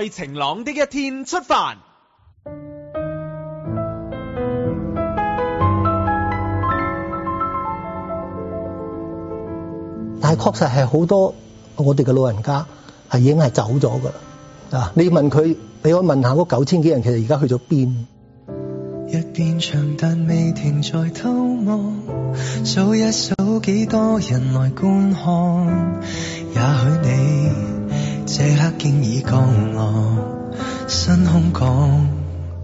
在晴朗的一天出發，但係確實係好多我哋嘅老人家係已經係走咗㗎啦。啊，你問佢，你可以問下嗰九千幾人，其實而家去咗邊？一邊長凳未停在偷望，數一數幾多人來觀看，也許你刻經已降落，新空港。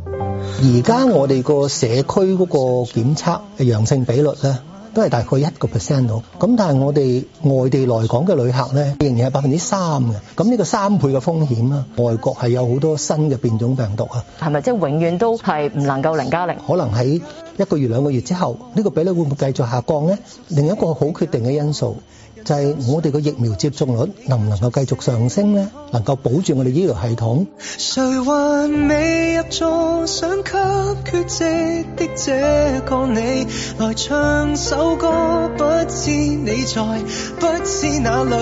而家我哋個社區嗰個檢測嘅陽性比率咧，都係大概一個 percent 度。咁但係我哋外地來港嘅旅客咧，仍然係百分之三嘅。咁呢個三倍嘅風險啊，外國係有好多新嘅變種病毒啊。係咪即係永遠都係唔能夠零加零？可能喺一個月兩個月之後，呢個比率會唔會繼續下降咧？另一個好決定嘅因素。就係我哋個疫苗接種率能唔能夠繼續上升咧？能夠保住我哋醫療系統。誰還未入座，想給缺席的這個你，來唱首歌，不知你在，不知哪裡。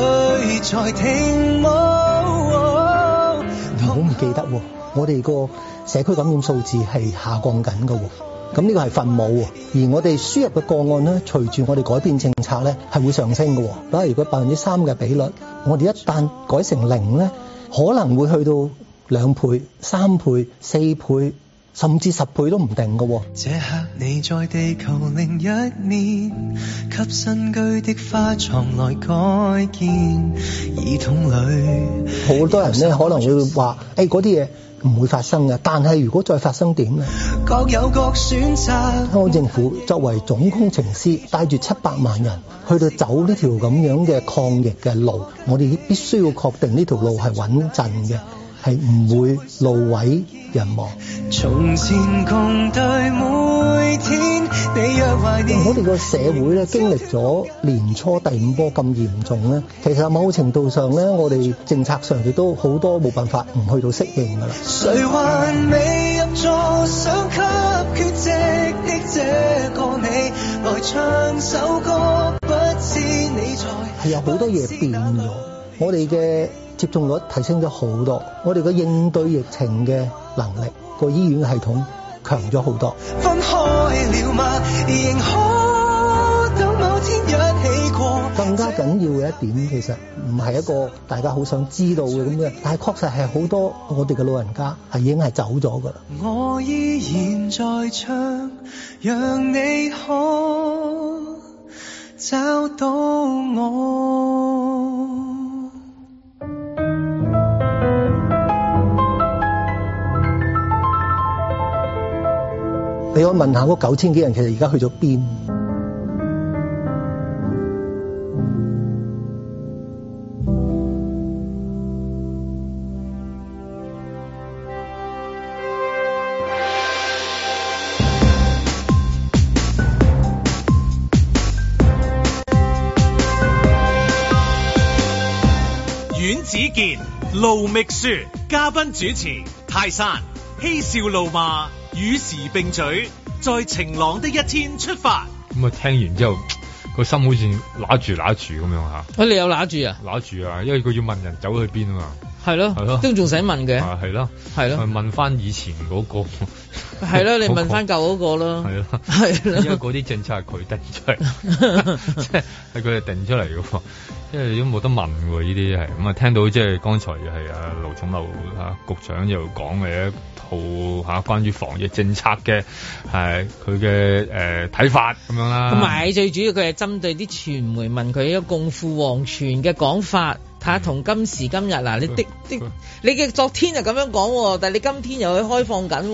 我唔記得喎，我哋個社區感染數字係下降緊㗎喎。咁呢個係分母，而我哋輸入嘅個案咧，隨住我哋改變政策咧，係會上升嘅。嗱，如果百分之三嘅比率，我哋一旦改成零咧，可能會去到兩倍、三倍、四倍，甚至十倍都唔定嘅。這刻你在地球另一面，給新居的花床來改建，耳筒裡。好多人咧可能會話，誒嗰啲嘢。唔會發生嘅，但係如果再發生點咧？各有各選擇。香港政府作為總工程師，帶住七百萬人去到走呢條咁樣嘅抗疫嘅路，我哋必須要確定呢條路係穩陣嘅，係唔會路位，人亡。從前每天。我哋個社會咧，經歷咗年初第五波咁嚴重咧？其實某程度上咧，我哋政策上亦都好多冇辦法唔去到適應㗎喇。係有好多嘢變咗，我哋嘅接種率提升咗好多，我哋個應對疫情嘅。能力，個醫院系統強咗好多。分開了嗎，仍可等某天一起過。更加緊要嘅一點，其實唔係一個大家好想知道嘅咁嘅，但係確實係好多我哋嘅老人家係已經係走咗㗎啦。我依然在唱，讓你可找到我。你可問下嗰九千幾人，其實而家去咗邊？阮子健、盧覓雪，嘉賓主持：泰山、嬉笑怒罵。與時並舉，在晴朗的一天出發。咁啊，聽完之後個心好似揦住揦住咁樣吓。啊，你有揦住啊？揦住啊，因為佢要問人走去邊啊嘛。係咯，都仲使問嘅。係咯了，係咯，係 問翻以前嗰、嗰個。係 咯，你問翻舊嗰個咯。係咯，係。 因為嗰啲政策佢定出嚟，即係佢哋定出嚟嘅。即係如果冇得問喎，呢啲係。咁啊，聽到即係剛才又係啊，盧寵茂啊局長又講嘅一套吓，關於防疫政策嘅，係佢嘅誒睇法咁樣啦。同埋最主要佢係針對啲傳媒問佢一個共赴黃泉嘅講法。睇下同今時今日嗱，你的你的你嘅昨天就咁樣講，但係你今天又去開放緊，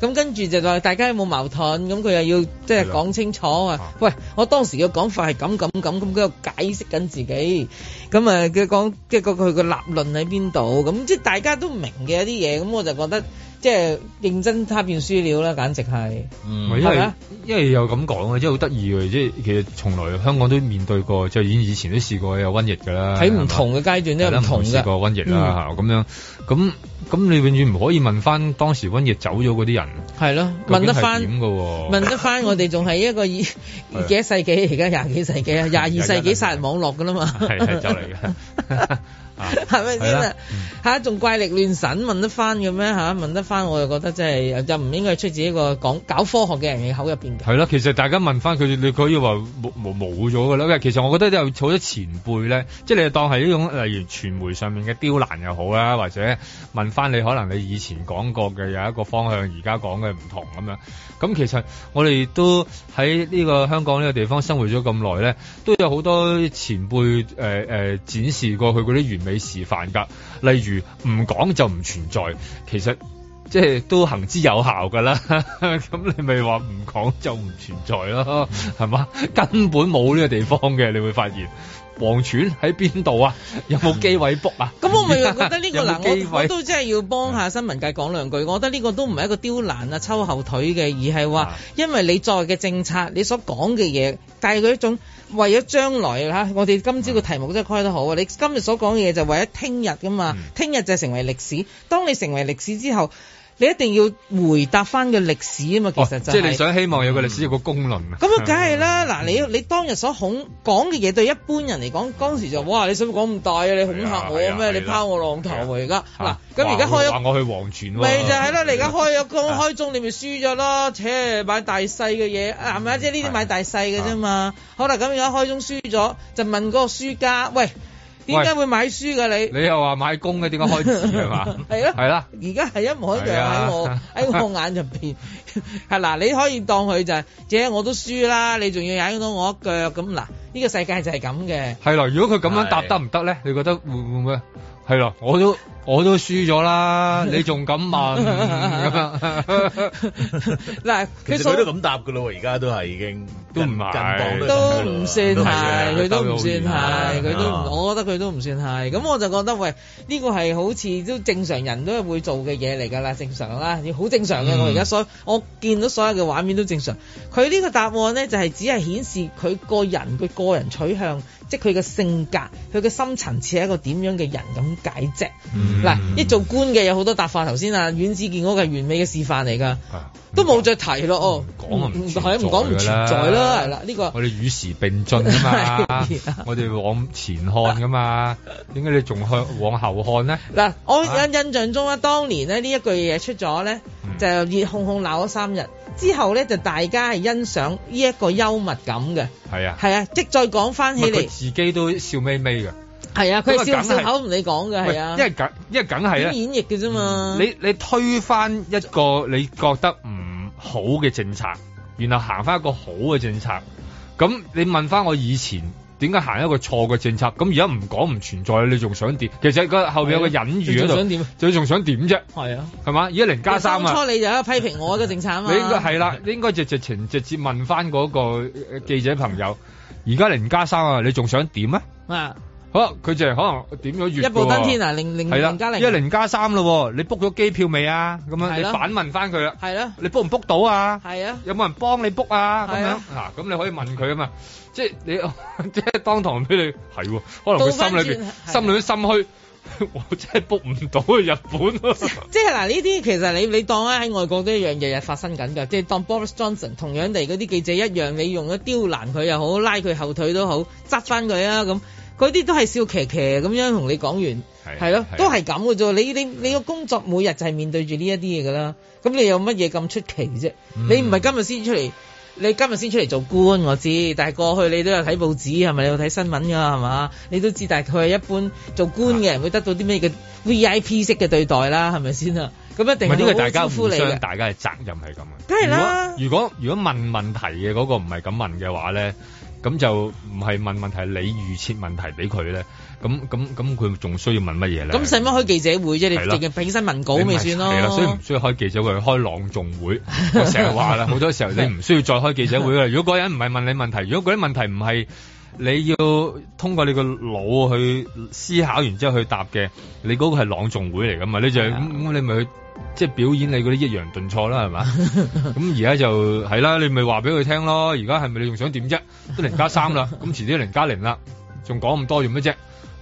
咁跟住就話大家有冇矛盾？咁佢又要即係講清楚啊！的喂，我當時嘅講法係咁咁咁，咁佢又解釋緊自己，咁啊佢講即係佢佢個立論喺邊度？咁即係大家都唔明嘅一啲嘢，咁我就覺得。即係認真睇完資料啦，簡直係唔係因為吧因為有咁講啊，即係好得意嘅，即係其實從來香港都面對過，就已經以前都試過有瘟疫噶啦。喺唔同嘅階段都有唔同嘅試過瘟疫啦吓，咁、嗯、樣咁。咁你永遠唔可以問翻當時瘟疫走咗嗰啲人，係咯，問得翻，問得翻，我哋仲係一個幾多世紀而家廿幾世紀啊，廿二世紀殺人網絡噶啦嘛，係係就嚟嘅，係咪先啊？嚇，仲怪力亂神問得翻嘅咩嚇？問得翻，我就覺得真係就唔應該出自一個講搞科學嘅人嘅口入邊。係啦，其實大家問翻佢，你可以話冇冇咗㗎啦。其實我覺得有好多前輩咧，即係你當係呢種例如傳媒上面嘅刁難又好啦，或者問。翻你可能你以前講過嘅有一個方向，而家講嘅唔同咁樣。咁其實我哋都喺呢個香港呢個地方生活咗咁耐咧，都有好多前輩誒誒展示過佢嗰啲完美示範㗎。例如唔講就唔存在，其實即係都行之有效㗎啦。咁 你咪話唔講就唔存在咯，係嘛、嗯？根本冇呢個地方嘅，你會發現。皇權喺邊度啊？有冇機位 book 啊？咁、 嗯嗯、我咪覺得、這個、呢個嗱，我都真係要幫下新聞界講兩句。我、嗯、覺得呢個都唔係一個刁難啊、抽後腿嘅，而係話，因為你在嘅政策，你所講嘅嘢，但帶佢一種為咗將來吓。我哋今朝嘅題目真係開得好啊！你今日所講嘅嘢就為咗聽日㗎嘛，聽日就成為歷史。當你成為歷史之後。你一定要回答翻個歷史啊嘛，其實就係哦、即係你想希望有個歷史、嗯、有個公論。啊。咁啊， 梗係啦，嗱，你你當日所恐講嘅嘢對一般人嚟講，當時就哇你想講咁大啊？你恐嚇我咩？你拋我浪頭的啊！而家嗱，咁而家開咗我去黃泉、啊，咪就係啦！你而家開咗開中你，你咪輸咗咯。切買大細嘅嘢係咪即係呢啲買大細嘅啫嘛。喇啊、好啦，咁而家開中輸咗，就問個輸家喂。點解會買書噶你？你，你又話買工嘅，點解開始？係嘛？係咯，係啦，而家係一模一樣喺我喺我眼入邊。係 嗱、啊，你可以當佢就係，姐我都輸啦，你仲要踩到我一腳咁嗱，呢、這個世界就係咁嘅。係咯、啊，如果佢咁樣答得唔得咧？啊、你覺得會唔會咩？係咯、啊，我都。 我都輸咗啦， 你仲敢問？嗱 其實佢都咁答噶咯，而家都係已經都唔係，都唔算係，佢都唔、啊、算係，佢、啊、都，啊、我覺得佢都唔算係。咁我就覺得喂，呢、這個係好似都正常人都會做嘅嘢嚟噶啦，正常啦，好正常嘅。嗯、我而家所我見到所有嘅畫面都正常。佢呢個答案咧，就係、是、只係顯示佢個人佢個人取向，即係佢嘅性格，佢嘅深層次係一個點樣嘅人咁解啫。嗱，啲做官嘅有好多答法。頭先啊，阮子健嗰個係完美嘅示範嚟噶，都冇再提咯。哦，講啊唔係唔講唔存在啦。係啦，呢個我哋與時並進啊嘛，我哋往前看噶嘛，點解你仲向往後看呢？嗱，我印象中咧，當年呢，呢一句嘢出咗咧，就熱哄哄鬧咗三日，之後咧就大家係欣賞呢一個幽默感嘅。係啊，係啊，即再講翻起嚟，自己都笑眯眯嘅。係啊，佢笑笑口同你講嘅。係啊，因為梗、啊、因為梗係啦，演繹嘅啫嘛。你你推翻一個你覺得唔好嘅政策，然後行翻一個好嘅政策，咁你問翻我以前點解行一個錯嘅政策？咁而家唔講唔存在，你仲想點？其實個後邊有個隱喻喺度，仲想點？最仲想點啫？係啊，係嘛？而家、啊啊、零加三啊，你初你就一批評我嘅政策啊嘛、啊啊。你應該係啦，應該直直情直接問翻嗰個記者朋友，而家零加三啊，你仲想點啊？啊！好，佢就可能點咗月，一步登天啊！零零零加零，一零加三咯。你 book 咗機票未啊？咁樣你反問翻佢啦。係咯。你 book 唔 book 到啊？係啊。有冇人幫你 book 啊？咁樣嗱，咁你可以問佢啊嘛。即係你，即係當堂俾你係，可能佢心裏邊，心裏邊心虛，我真係 book 唔到啊！日本。即係嗱，呢啲其實你你當啊喺外國都一樣，日日發生緊噶。即係當 Boris Johnson 同樣地，嗰啲記者一樣，你用咗刁難佢又好，拉佢後腿都好，執翻佢啊咁。佢啲都係笑騎騎咁樣同你講完，係咯，都係咁嘅啫。你你你個工作每日就係面對住呢一啲嘢噶啦。咁你有乜嘢咁出奇啫？你唔係今日先出嚟，你今日先出嚟做官我知。但係過去你都有睇報紙係咪？你有睇新聞㗎係嘛？你都知。但係佢係一般做官嘅人會得到啲咩嘅 VIP 式嘅對待啦，係咪先啊？咁一定係好大家大家嘅責任係咁梗係啦。如果如果，如果問問題嘅嗰個唔係咁問嘅話咧？咁就唔係問問題，你預設問題俾佢咧，咁咁咁佢仲需要問乜嘢咧？咁使乜開記者會啫？你直接俾新聞稿咪算咯？係啦，所以唔需要開記者會，開朗誦會。我成日話啦，好多時候你唔需要再開記者會啦。如果嗰個人唔係問你問題，如果嗰啲問題唔係。你要通過你個腦去思考完之後去答嘅。你嗰個係朗誦會嚟噶嘛？你就咁、是、咁 Yeah.、嗯，你咪去即係表演你嗰啲抑揚頓挫啦，係嘛？咁而家就係啦，你咪話俾佢聽咯。而家係咪你仲想點啫？都零加三啦，咁遲啲零加零啦，仲講咁多做咩啫？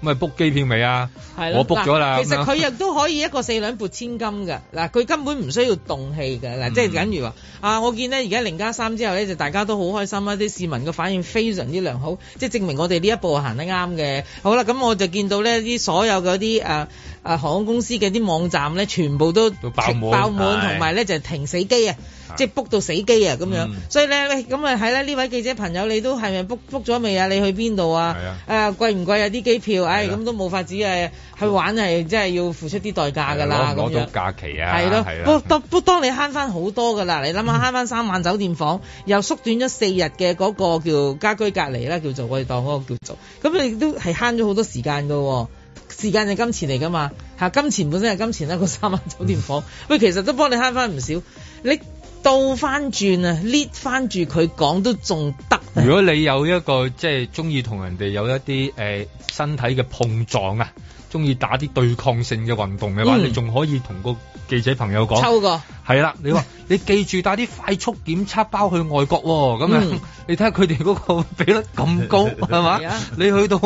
咁咪 book 機票未啊？係咯，我 book 咗啦。其實佢亦都可以一個四兩撥千金嘅嗱，佢 根本唔需要動氣嘅嗱，嗯、即係等於話啊，我見呢而家零加三之後咧，就大家都好開心啦，啲市民嘅反應非常之良好，即係證明我哋呢一步行得啱嘅。好啦，咁我就見到咧啲所有嗰啲誒誒航空公司嘅啲網站咧，全部都，都爆滿，爆滿，同埋咧就停死機啊！即係 book 到死機啊咁樣，嗯、所以咧咁、嗯、啊係啦，呢位記者朋友，你都係咪 book 咗未啊？你去邊度啊？誒、啊啊、貴唔貴啊？啲機票，誒咁、啊哎、都冇法子誒、啊嗯、去玩係，即係要付出啲代價㗎啦。攞、啊、到假期啊，係咯，當你慳翻好多㗎啦！你諗下慳翻三晚酒店房，嗯、又縮短咗四日嘅嗰個叫家居隔離啦，叫做我哋當嗰個叫做，咁你都係慳咗好多時間㗎喎、啊。時間係金錢嚟㗎嘛，嚇，金錢本身係金錢啦，嗰三晚酒店房，喂， 其實都幫你慳翻唔少，你。倒翻轉啊，lift 翻住佢講都仲得。如果你有一個即係中意同人哋有一啲誒、呃、身體嘅碰撞啊！中意打啲對抗性嘅運動嘅話，嗯、你仲可以同個記者朋友講，係啦個，你話你記住帶啲快速檢測包去外國喎、哦，咁樣、嗯、 你睇下佢哋嗰個比率咁高，係嘛？你去到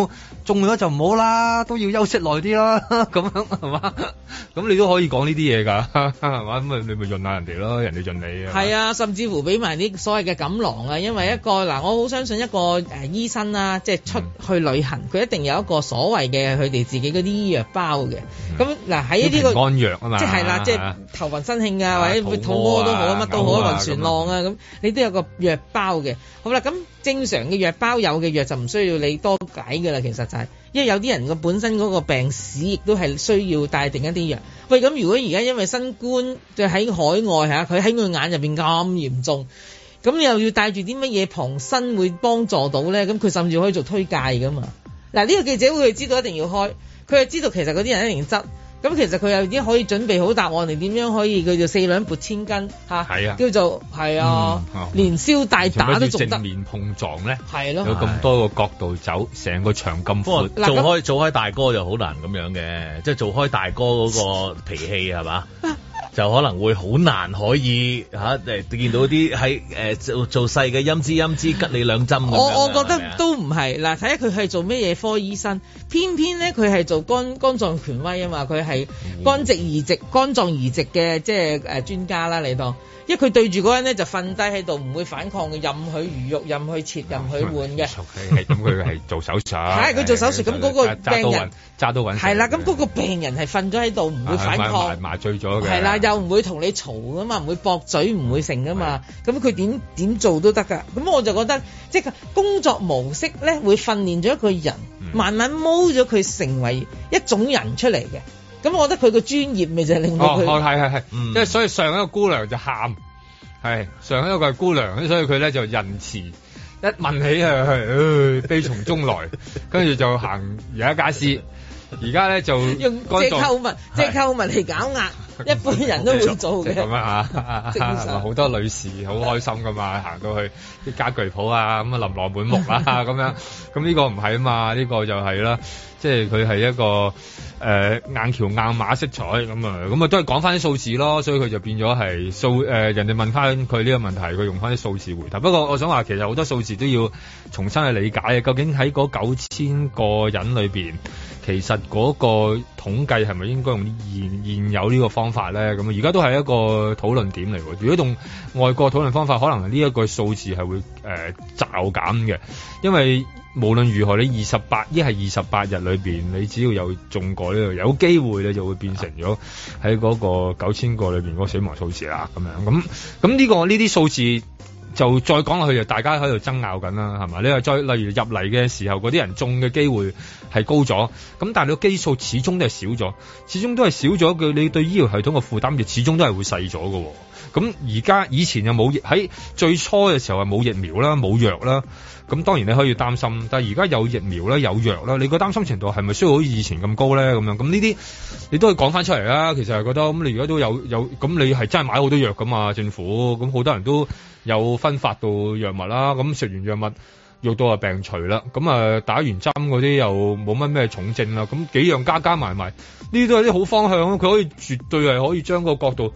中咗就唔好啦，都要休息耐啲啦，咁樣係嘛？咁 你都可以講呢啲嘢㗎，係嘛？咁啊你咪潤下人哋咯，人哋潤你啊。係啊，甚至乎俾埋啲所謂嘅錦囊啊，因為一個嗱，我好相信一個誒醫生啦，即係出去旅行，佢一定有一個所謂嘅佢哋自己嗰啲。啲、嗯嗯這個、藥包嘅咁嗱喺呢個安藥啊嘛，即係啦，即係頭暈身興啊，啊或者肚屙都好，乜、呃呃、都好，暈船、呃、浪啊咁，你都有個藥包嘅好啦。咁正常嘅藥包有嘅藥就唔需要你多解噶啦。其實就係因為有啲人個本身嗰個病史亦都係需要帶定一啲藥。喂，咁、嗯、如果而家因為新冠就喺海外嚇佢喺佢眼入邊咁嚴重，咁又要帶住啲乜嘢旁身會幫助到咧？咁佢甚至可以做推介噶嘛？嗱，呢個記者會知道一定要開。嗯佢又知道其實嗰啲人一定執，咁其實佢又已經可以準備好答案，你點樣可以叫、啊是啊、叫做四兩撥千斤嚇，叫做係啊，嗯、啊連消帶打都仲得，正面碰撞咧，係咯，有咁多個角度走，成個場咁闊，啊、做開做開大哥就好難咁樣嘅，即、就、係、是、做開大哥嗰個脾氣係嘛？ 吧就可能會好難可以嚇誒、啊、見到啲喺誒做做細嘅陰資陰資拮你兩針咁樣。我我覺得吧都唔係，嗱睇下佢係做咩嘢科醫生，偏偏咧佢係做肝肝臟權威啊嘛，佢係肝移植、肝、嗯、肝臟移植嘅即係誒、呃、專家啦，你當。因為佢對住嗰人咧，就瞓低喺度，唔會反抗嘅，任佢魚肉，任佢切，任佢換嘅。咁佢係做手術。係佢做手術，咁嗰個病人揸到揾。係啦，咁嗰個病人係瞓咗喺度，唔會反抗。麻醉咗嘅。係啦，又唔會同你嘈噶嘛，唔會駁嘴，唔會成噶嘛。咁佢點點做都得噶。咁我就覺得，即係工作模式咧，會訓練咗一個人，慢慢 mould 咗佢成為一種人出嚟嘅。咁我覺得佢個專業咪就係令到佢哦，係係係，即係所以上一個姑娘就喊，係上一個佢係姑娘，咁所以佢咧就仁慈，一問起佢係、哎、悲從中來， 跟住就行而家家私，而家咧就用借購物是借購物嚟搞壓。一般人都會做嘅，即係啊！好神多女士好開心噶嘛？行 到去啲傢俱鋪啊，咁啊琳琅滿目啊。咁 樣咁呢個唔係啊嘛？呢、呢個就係、係、啦，即係佢係一個誒、呃、硬橋硬馬色彩咁啊，咁啊都係講翻啲數字咯。所以佢就變咗係數誒，人哋問翻佢呢個問題，佢用翻啲數字回答。不過我想話，其實好多數字都要重新去理解啊。究竟喺嗰九千個人裏邊，其實嗰、嗰個。統計係咪應該用現現有呢個方法咧？咁而家都係一個討論點嚟。如果用外國討論方法，可能呢一個數字係會誒驟減嘅。因為無論如何，你二十八億係二十八日裏邊，你只要有中過呢個，有機會你就會變成咗喺嗰個九千個裏邊嗰死亡數字啦。咁樣咁咁呢個呢啲數字。就再講落去就大家喺度爭拗緊啦，係咪？你話再例如入嚟嘅時候嗰啲人中嘅機會係高咗，咁但係你個基數始終都係少咗，始終都係少咗佢你對醫療系統嘅負擔就始終都係會細咗㗎。咁而家以前又冇喺最初嘅時候係冇疫苗啦，冇藥啦。咁當然你可以擔心，但係而家有疫苗啦，有藥啦，你個擔心程度係咪需要好似以前咁高咧？咁樣咁呢啲你都可以講翻出嚟啦。其實係覺得咁、嗯、你而家都有有咁、嗯、你係真係買好多藥噶嘛？政府咁好、嗯、多人都有分發、嗯、到藥物啦。咁食完藥物藥到啊病除啦。咁、嗯、啊、呃、打完針嗰啲又冇乜咩重症啦。咁、嗯、幾樣加加埋埋，呢啲都係啲好方向咯。佢可以絕對係可以將個角度，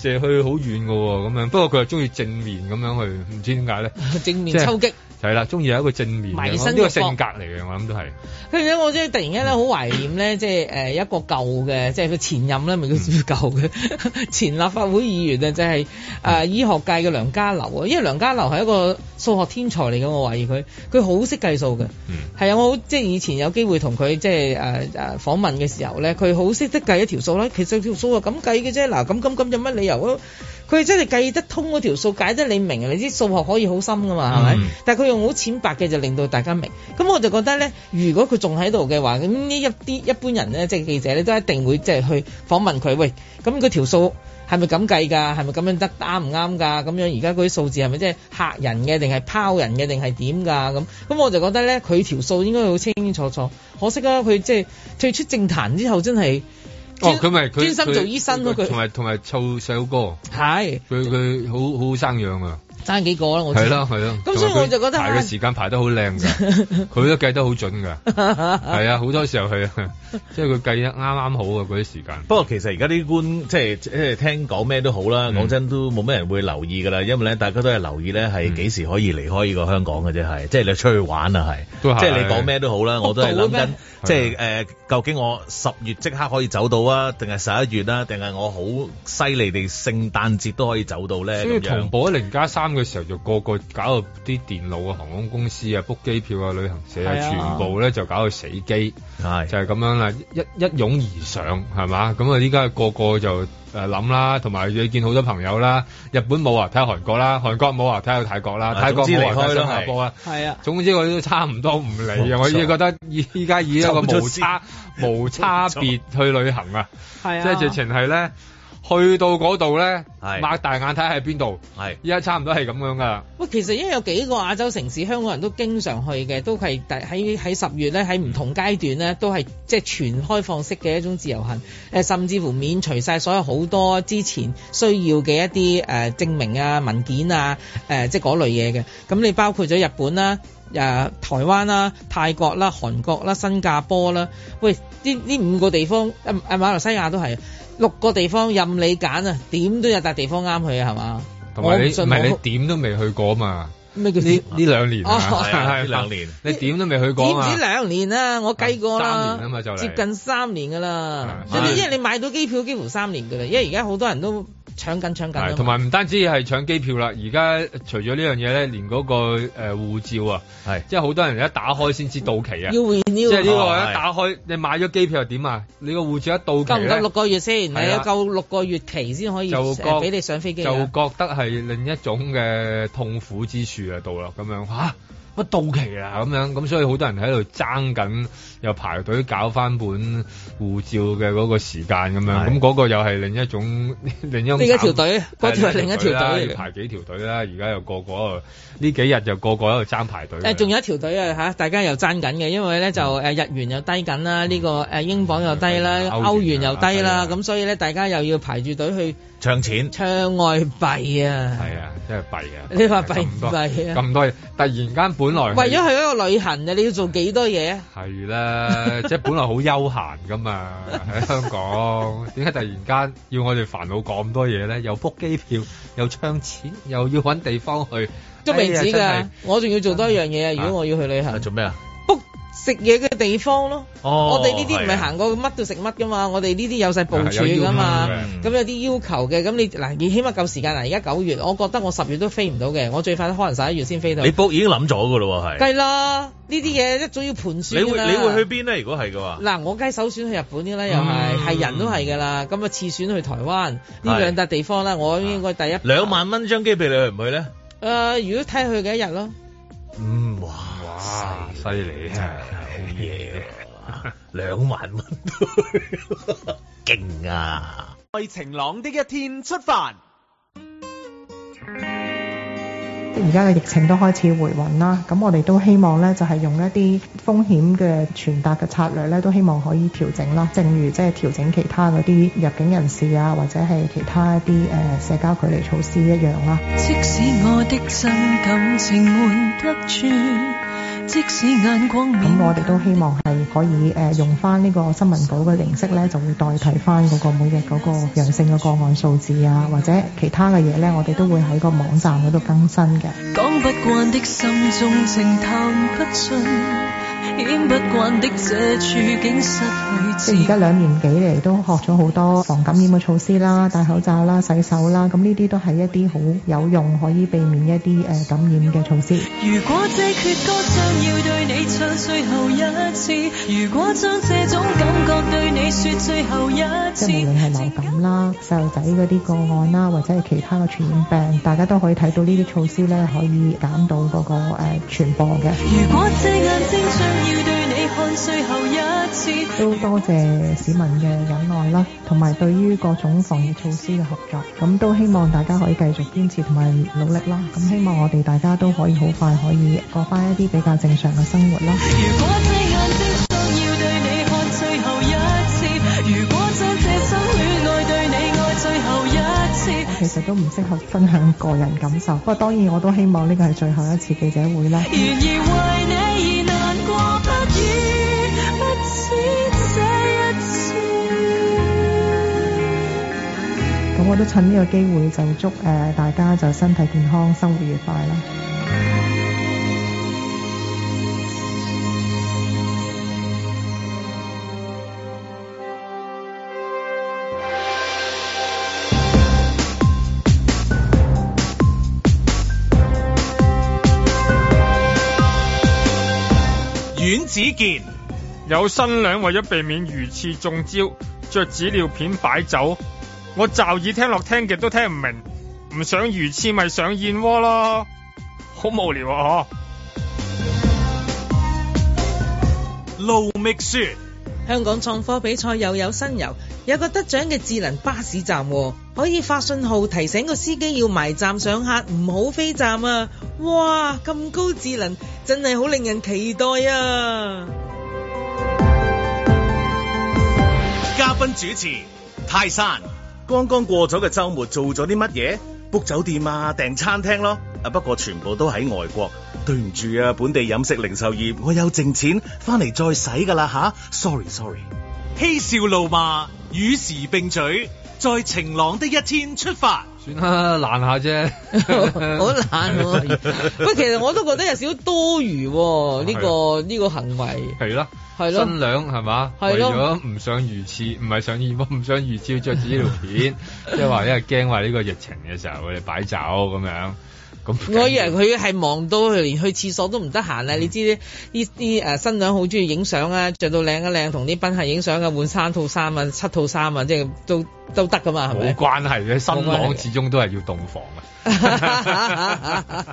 射去好遠嘅喎，哦，咁樣不過佢又中意正面咁樣去，唔知點解咧？正面抽擊係啦，中意、就是、有一個正面。埋身搏呢個性格嚟嘅，我諗都係。跟住我即係突然間咧，好懷念咧，即係誒一個舊嘅， 即係佢前任咧，咪叫叫舊嘅前立法會議員，就是、 啊，即係誒醫學界嘅梁家騮啊，因為梁家騮係一個數學天才嚟嘅，我懷疑佢佢好識計數嘅。嗯，係 啊，我即係以前有機會同佢即係誒誒訪問嘅時候咧，佢好識得計一條數啦。其實條數啊咁計嘅啫，嗱咁咁咁有乜理由佢真係計得通嗰條數，解得你明啊！你啲數學可以好深㗎嘛，係咪？嗯、但係佢用好淺白嘅就令到大家明。咁我就覺得咧，如果佢仲喺度嘅話，咁呢一啲一般人咧，即係記者咧，都一定會即係去訪問佢。喂，咁佢條數係咪咁計㗎？係咪咁樣得啱唔啱㗎？咁樣而家嗰啲數字係咪即係嚇人嘅，定係拋人嘅，定係點㗎？咁咁我就覺得咧，佢條數應該好清清楚楚。可惜啊，佢即係退出政壇之後，真係。哦，佢咪專心做醫生咯，啊，佢同埋同埋湊細路哥，係佢佢好好生養啊。爭幾個啦，我係咯係咯，咁所以我就覺得排嘅時間排得好靚㗎，佢都計得好準㗎，係啊， 好多時候係，即係佢計得啱啱好啊。嗰啲時間。 不過其實而家啲官即係即係聽講咩都好啦，講、嗯、真都冇咩人會留意噶啦，因為咧大家都係留意咧係幾時可以離開呢個香港嘅啫，係、嗯、即係你出去玩啊，係，都是 即係你講咩都好啦，我都係諗緊，的即係誒、呃、究竟我十月即刻可以走到啊，定係十一月啦、啊，定係我好犀利地聖誕節都可以走到咧？所以同步零加三。嘅時候就個個搞到啲電腦啊、航空公司啊、book 機票啊、旅行社啊，全部咧就搞到死機，係吧就係咁樣、啊、啦，一一擁而上係嘛，咁啊依家個個就誒諗啦，同埋你見好多朋友啦，日本冇啊，睇下韓國啦，韓國冇啊，睇下、啊、泰國啦，啊、泰國冇啊，離開新加坡啦，係啊，總之我都差唔多唔理啊，我已經覺得依依家以一個無差 走了 無差別去旅行啊，係啊，即係直情係咧。去到嗰度咧，擘是大眼睇下邊度。係依家差唔多係咁樣噶。喂，其實已經有幾個亞洲城市，香港人都經常去嘅，都係喺喺十月呢，喺唔同階段呢，都係即係全開放式嘅一種自由行。誒，甚至乎免除晒所有好多之前需要嘅一啲誒證明啊、文件啊、誒即係嗰類嘢嘅。咁你包括咗日本啦、誒、啊、台灣啦、泰國啦、韓國啦、新加坡啦，喂，呢呢五個地方誒馬來西亞都係。六個地方任你揀啊，點都有笪地方啱佢啊，係嘛？同埋你唔係，你點都未去過啊嘛。咩叫呢？呢兩年，係係兩年。你點都未去過？點止兩年啊，我計過啦，三年啊嘛，就接近三年噶啦。即係因為你買到機票，幾乎三年噶啦。因為而家好多人都搶緊搶緊。同埋唔單止係搶機票啦，而家除咗呢樣嘢咧，連嗰個誒護照啊，係即係好多人一打開先知到期啊。即係呢個一打開，你買咗機票又點啊？你個護照一到期夠唔夠六個月先？係啊，夠六個月期先可以就俾你上飛機。就覺得係另一種嘅痛苦之處。住啦，咁樣吓，乜、 啊、到期啦？咁樣咁，所以好多人喺度爭緊，又排隊搞翻本護照嘅嗰個時間咁、嗯、樣，咁嗰、嗯那個又係另一種，一另一種。另一條隊，嗰條係另一條隊。要排幾條隊啦？而家又個個呢、啊、幾日就個個喺度爭排隊。誒，仲有一條隊啊吓，大家又爭緊嘅，因為咧就誒日元又低緊啦，呢、嗯這個誒英鎊又低啦，歐、嗯元，啊、元又低啦，咁所以咧大家又要排住隊去。唱錢、唱外幣啊！係啊，真係幣啊！你話幣唔幣啊？咁多嘢，突然間本來為咗去一個旅行啊，你要做幾多嘢啊？係啦、啊， 即係本來好悠閒噶嘛，喺 香港，點解突然間要我哋煩惱咁多嘢咧？又撲機票，又唱錢，又要搵地方去，都唔止噶。哎、我仲要做多一樣嘢啊！嗯、如果我要去旅行，做咩啊？食嘢嘅地方咯，我哋呢啲唔係行過乜都食乜噶嘛，我哋呢啲有晒部署噶嘛，咁有啲要求嘅。咁你嗱，你起碼夠時間啊，而家九月，我覺得我十月都飛唔到嘅，我最快可能十一月先飛到。你 book 已經諗咗噶咯，係係啦，呢啲嘢一早要盤算你會你會去邊咧？如果係嘅話，嗱，我梗係首選去日本啲啦，又係係人都係噶啦，咁啊次選去台灣呢兩笪地方啦，我應該第一。兩萬蚊張機票你去唔去咧？誒，如果睇下去嘅一日咯？嗯，哇，犀利，yeah. 啊，好嘢，兩萬蚊，勁啊！在晴朗的一天出發。而家嘅疫情都開始回穩啦，咁我哋都希望咧，就係、是、用一啲風險嘅傳達嘅策略咧，都希望可以調整啦。正如即係調整其他嗰啲入境人士啊，或者係其他一啲誒社交距離措施一樣啦。即使我嘅真感情得住。即使眼光唔同，咁我哋都希望係可以誒、呃、用翻呢個新聞稿嘅形式咧，就會代替翻嗰個每日嗰個陽性嘅個案數字啊，或者其他嘅嘢咧，我哋都會喺個網站嗰度更新嘅。講不慣的心，情談不盡。即係而家兩年幾嚟都學咗好多防感染嘅措施啦，戴口罩啦、洗手啦，咁呢啲都係一啲好有用可以避免一啲誒感染嘅措施。如果這闕歌將要對你唱最後一次，如果將這種感覺對你説最後一次。即係無論係流感啦、細路仔嗰啲個案啦，或者係其他嘅傳染病，大家都可以睇到呢啲措施咧，可以減到嗰、那個誒傳、呃、播嘅。如果這眼睛。要對你看，最後一次都多謝市民嘅忍耐啦，同埋對於各種防疫措施嘅合作。咁都希望大家可以繼續堅持同埋努力啦。咁希望我哋大家都可以好快可以過返一啲比較正常嘅生活啦。如果你其實都唔適合分享個人感受，不過當然我都希望呢個係最後一次記者會啦。咁 我都趁呢個機會就祝誒大家就身體健康，生活愉快啦。阮子健，有新娘為咗避免魚翅中招，着紙尿片擺酒。我驟耳聽落聽極都聽唔明，唔想魚翅咪上燕窩咯，好無聊啊！呵。盧覓雪，香港創科比賽又有新油。有個得獎嘅智能巴士站喎，可以發信號提醒個司機要埋站上客，唔好飛站啊！哇，咁高智能，真係好令人期待啊！嘉賓主持泰山，剛剛過咗嘅周末做咗啲乜嘢？book 酒店啊，訂餐廳咯，啊不過全部都喺外國，對唔住啊，本地飲食零售業，我有剩錢翻嚟再使噶啦吓，sorry sorry，嬉笑怒罵。與時並舉，在晴朗的一天出發。算啦，懶下啫。好懶喎！喂，其實我都覺得有少少多餘呢、哦 呢個呢 個行為。係咯、啊，係咯的。新娘係嘛？係咯，唔的想魚翅，唔係上燕窩，唔想上魚翅着住呢條片，即係話因為驚話呢個疫情嘅時候，我哋擺酒咁樣。我以為佢係忙到連去廁所都唔得閒。你知啲啲誒新娘好中意影相啊，着到靚一靚，同啲賓客影相啊，換三套衫啊，七套衫啊，即係都。都得㗎嘛，冇關係嘅新郎始終都係要洞房啊！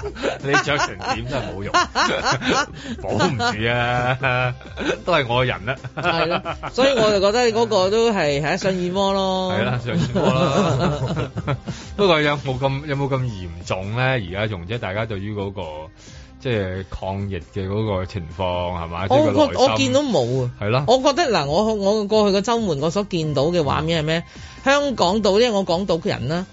你着成點都冇用， 保唔住啊！ 都係我人啦，係 咯，所以我就覺得嗰個都係係一雙耳魔咯，係啦 的，雙耳魔啦。不過 有冇咁有冇咁嚴重咧？而家仲姐大家對於嗰、那個。即係抗疫嘅嗰個情況係嘛我？我我見到冇啊，係咯啦。我覺得嗱，我我過去個週末我所見到嘅畫面係咩？嗯、香港島咧，我港島嘅人啦，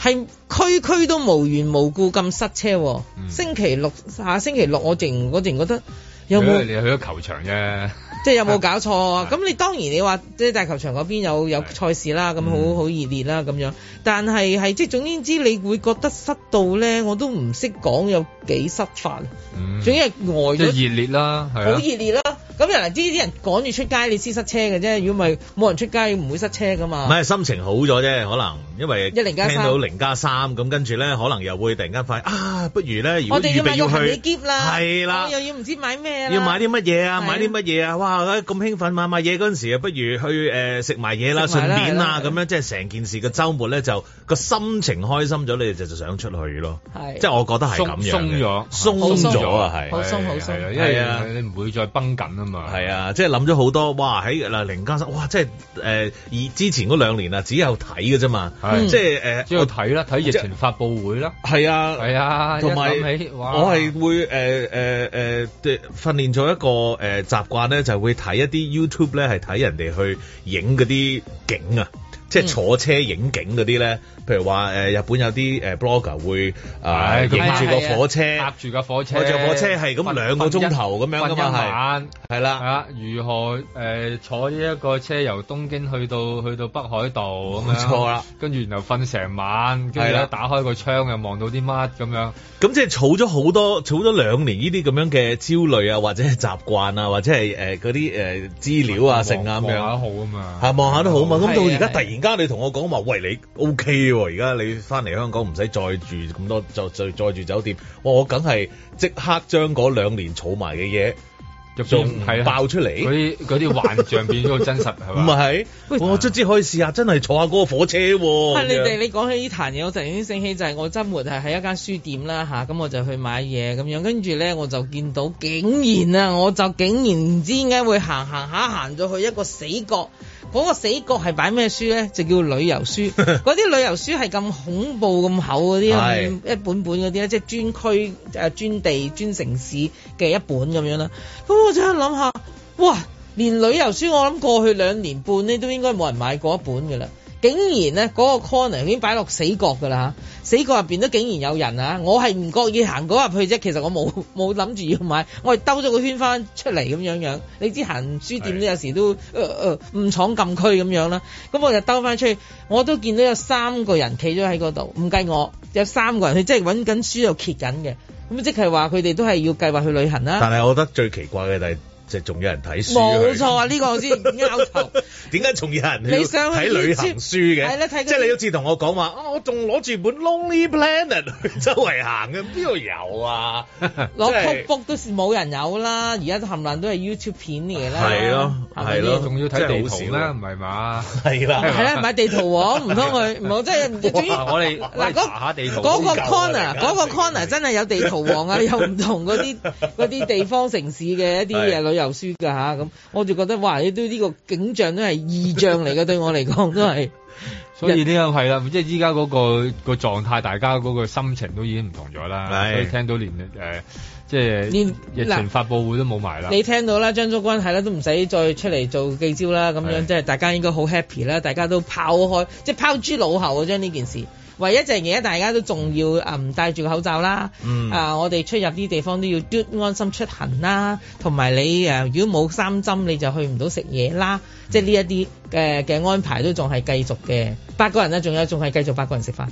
係、嗯、區區都無緣無故咁塞車。嗯、星期六下、啊、星期六，我淨我淨覺得有冇你去咗球場啫。即係有冇搞錯啊？咁你當然你話即係大球場嗰邊有有賽事啦，咁好好熱烈啦咁樣。但係係即係總之，你會覺得塞到咧，我都唔識講有幾塞法。嗯，總之係外都即係熱烈啦，係啊，好熱烈啦。咁原來呢啲人趕住出街，你先塞車嘅啫。如果咪冇人出街，唔會塞車噶嘛。唔係心情好咗啫，可能因為聽到零加三咁，跟住咧可能又會突然間發啊，不如咧如果預備要去，係啦，又要唔知買咩，要買啲乜嘢啊，買啲乜嘢啊，哇！咁興奮嘛，買買嘢嗰陣時啊，不如去誒食埋嘢啦，順便啊咁樣，即係成件事個周末咧，就個心情開心咗，你就就想出去咯。即係我覺得係咁樣鬆咗，鬆咗啊，係好鬆好鬆，係啊，因為你唔會再崩緊啊嘛。係啊，即係諗咗好多哇！喺嗱零交叉哇，即係誒之前嗰兩年啊，只有睇嘅啫嘛。即係誒，只有睇啦，睇疫情發佈會啦。係啊，係啊，同埋我係會誒誒誒訓練咗一個誒習慣咧，就會睇一啲 YouTube 咧，係睇人哋去影嗰啲景啊。即係坐車影景嗰啲咧，譬如話誒日本有啲誒 blogger 會影住個火車，搭住個火車，坐火車係咁兩個鐘頭咁樣噶嘛係，係啦，如何誒坐呢一個車由東京去到去到北海道咁，錯啦，跟住然後瞓成晚，跟住咧打開個窗又望到啲乜咁樣。咁即係儲咗好多，儲咗兩年呢啲咁樣嘅焦慮啊，或者習慣啊，或者係誒嗰啲誒資料啊剩啊咁樣。好啊嘛，望下都好啊嘛，咁到而家突然。而家你同我講話，喂，你 O K 喎！而家你翻嚟香港唔使再住咁多，就再住酒店，我梗係即刻將嗰兩年儲埋嘅嘢，仲係爆出嚟嗰啲啲幻象變咗真實，係咪？唔係，我卒之可以試下，真係坐下嗰個火車。嚇的！嗯、你哋你講起呢壇嘢，我突然間醒起就係、是、我周末係喺一間書店啦吓，咁、啊、我就去買嘢咁樣，跟住咧我就見到，竟然啊，我就竟然唔 知點解會行行下行咗去一個死角。嗰個死角係擺咩書咧？就叫旅遊書。嗰啲 旅遊書係咁恐怖咁厚嗰啲， 一本本嗰啲咧，即、就、係、是、專區誒、啊、專地、專城市嘅一本咁樣啦。咁我真係諗下，哇！連旅遊書我諗過去兩年半咧，都應該冇人買過一本㗎啦。竟然咧，嗰個 corner 已經擺落死角㗎啦吓，死角入邊都竟然有人啊！我係唔覺意行嗰入去啫，其實我冇冇諗住要買，我係兜咗個圈翻出嚟咁樣樣。你知行書店都有時都的呃呃誤闖禁區咁樣啦，咁我就兜翻出去，我都見到有三個人企咗喺嗰度，唔計我有三個人，佢即係揾緊書度揭緊嘅，咁即係話佢哋都係要計劃去旅行啦、啊。但係我覺得最奇怪嘅就係。即仲有人睇書，冇錯啊！呢個我先拗頭。點解仲有人睇旅行書嘅？係啦，睇即係你都似同我講話啊！我仲攞住本《Lonely Planet》去周圍行嘅，邊度有啊？攞圖 book 都冇人有啦。而家冚唪唥都係 YouTube 片嚟啦。係咯，係咯，仲要睇地圖啦，唔係嘛？係啦，係啦，買地圖王唔通佢唔好即係。我哋嗱嗰個 corner 嗰個 corner 真係有地圖王啊！有唔同嗰啲啲地方城市嘅一啲嘢旅讀書噶吓咁，我就覺得哇，你都呢、呢個景象都係異象嚟嘅， 對我嚟講都係。所以呢、呢個係啦，即係依家嗰個個狀態，大家嗰個心情都已經唔同咗啦。係的。聽到連誒、呃，即係連疫情發佈會都冇埋啦。你聽到啦，張竹君係啦，都唔使再出嚟做記招啦。咁樣的即係大家應該好 happy 啦，大家都拋開，即係拋諸腦後將呢件事。唯一一樣嘢，大家都仲要啊，唔、呃、戴住個口罩啦。嗯啊、呃，我哋出入啲地方都要嘟安心出行啦。同埋你誒、呃，如果冇三針，你就去唔到食嘢啦。即係呢一啲誒嘅安排都仲係繼續嘅。八個人咧，仲有仲係繼續八個人食飯。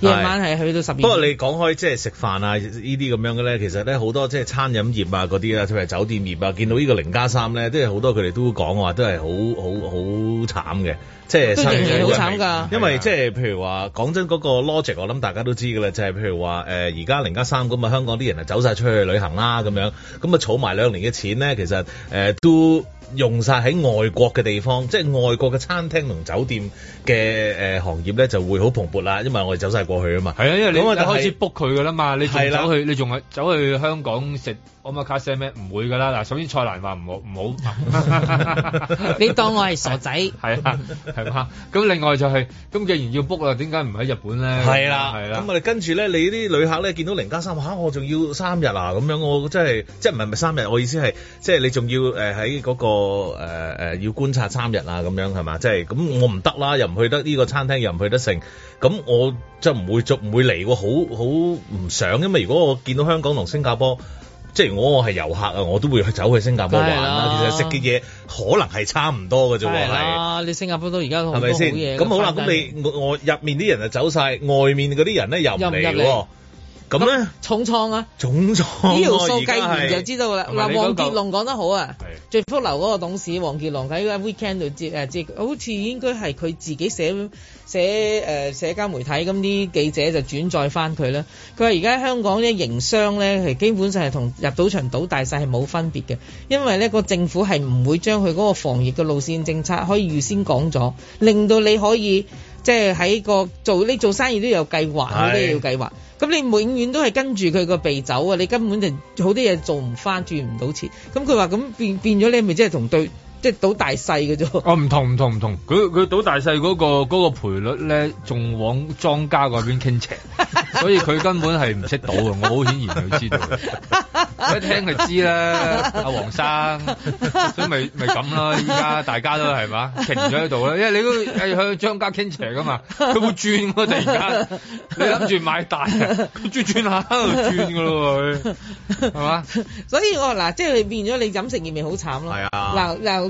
夜晚係去到十二。不過你講開即係食飯啊，呢啲咁樣嘅咧，其實咧好多即係餐飲業啊嗰啲啊，特別係酒店業啊，見到呢個零加三咧，即係好多佢哋都講話都係好好好慘嘅，即係都零好慘㗎。因為即係是的 譬如話講真嗰個 logic，我諗大家都知㗎啦，即係譬如話誒而家零加三咁啊，香港啲人啊走晒出去旅行啦咁樣，咁啊儲埋兩年嘅錢咧，其實誒都。用晒喺外國嘅地方，即係外國嘅餐廳同酒店嘅，誒、呃、行業咧，就會好蓬勃啦，因為我哋走晒過去啊嘛。係啊，因為你，、就是、你開始 book 佢噶啦嘛，的你仲走去，你仲係走去香港食。我乜、哦、卡死咩？唔會噶啦！嗱，首先蔡瀾話唔好唔好， 你當我係傻仔，係 啊，係嘛？咁另外就係、是，咁既然要 book 啦、嗯、啊，點解唔喺日本咧？係啦，係啦。咁我哋跟住咧，你啲旅客咧，見到凌家三吓、啊，我仲要三日啊？咁樣我真、就、係、是，即係唔係咪三日？我意思係，即係你仲要誒喺嗰個誒誒、呃、要觀察三日啊？咁樣係嘛？即係，咁、嗯、我唔得啦，又唔去得呢個餐廳，又唔去得成，咁我就唔會做，唔會嚟，好好唔想。因為如果我見到香港同新加坡。即係如果我係遊客啊，我都會去走去新加坡玩啦。其實食嘅嘢，可能係差唔多嘅啫。係啊，是你新加坡都而家都好係咪先？咁好啦，咁你台我我入面啲人就走晒，外面嗰啲人咧又唔嚟。入咁咧重創啊！重創、啊，呢條數計完就知道啦。嗱、那個，黃傑龍講得好啊，的最福樓嗰個董事黃傑龍喺 weekend 度接誒接，好似應該係佢自己寫寫誒社交媒體咁，啲記者就轉載翻佢啦。佢話而家香港啲營商咧，其實基本上係同入賭場賭大細係冇分別嘅，因為咧個政府係唔會將佢嗰個防疫嘅路線政策可以預先講咗，令到你可以即係喺個做你做生意都有計劃，都的要計劃。咁你永遠都係跟住佢個鼻走啊！你根本就好多嘢做唔翻，轉唔到錢。咁佢話咁變變咗你係咪即係同對？即係賭大細嘅啫，哦，唔同唔同唔同，佢佢賭大細嗰個嗰個賠率咧，仲往莊家嗰邊傾斜， 所以佢根本係唔識賭嘅，我好顯然佢知道，我 一聽就知啦，阿黃生，所以咪咪咁啦，依家大家都係嘛，停咗喺度啦，因為你都向莊家傾斜噶嘛，佢會轉喎，突然間，你諗住買大，佢轉轉下，轉噶咯佢，係嘛？所以我嗱，即係變咗你飲食業咪好慘咯，係啊，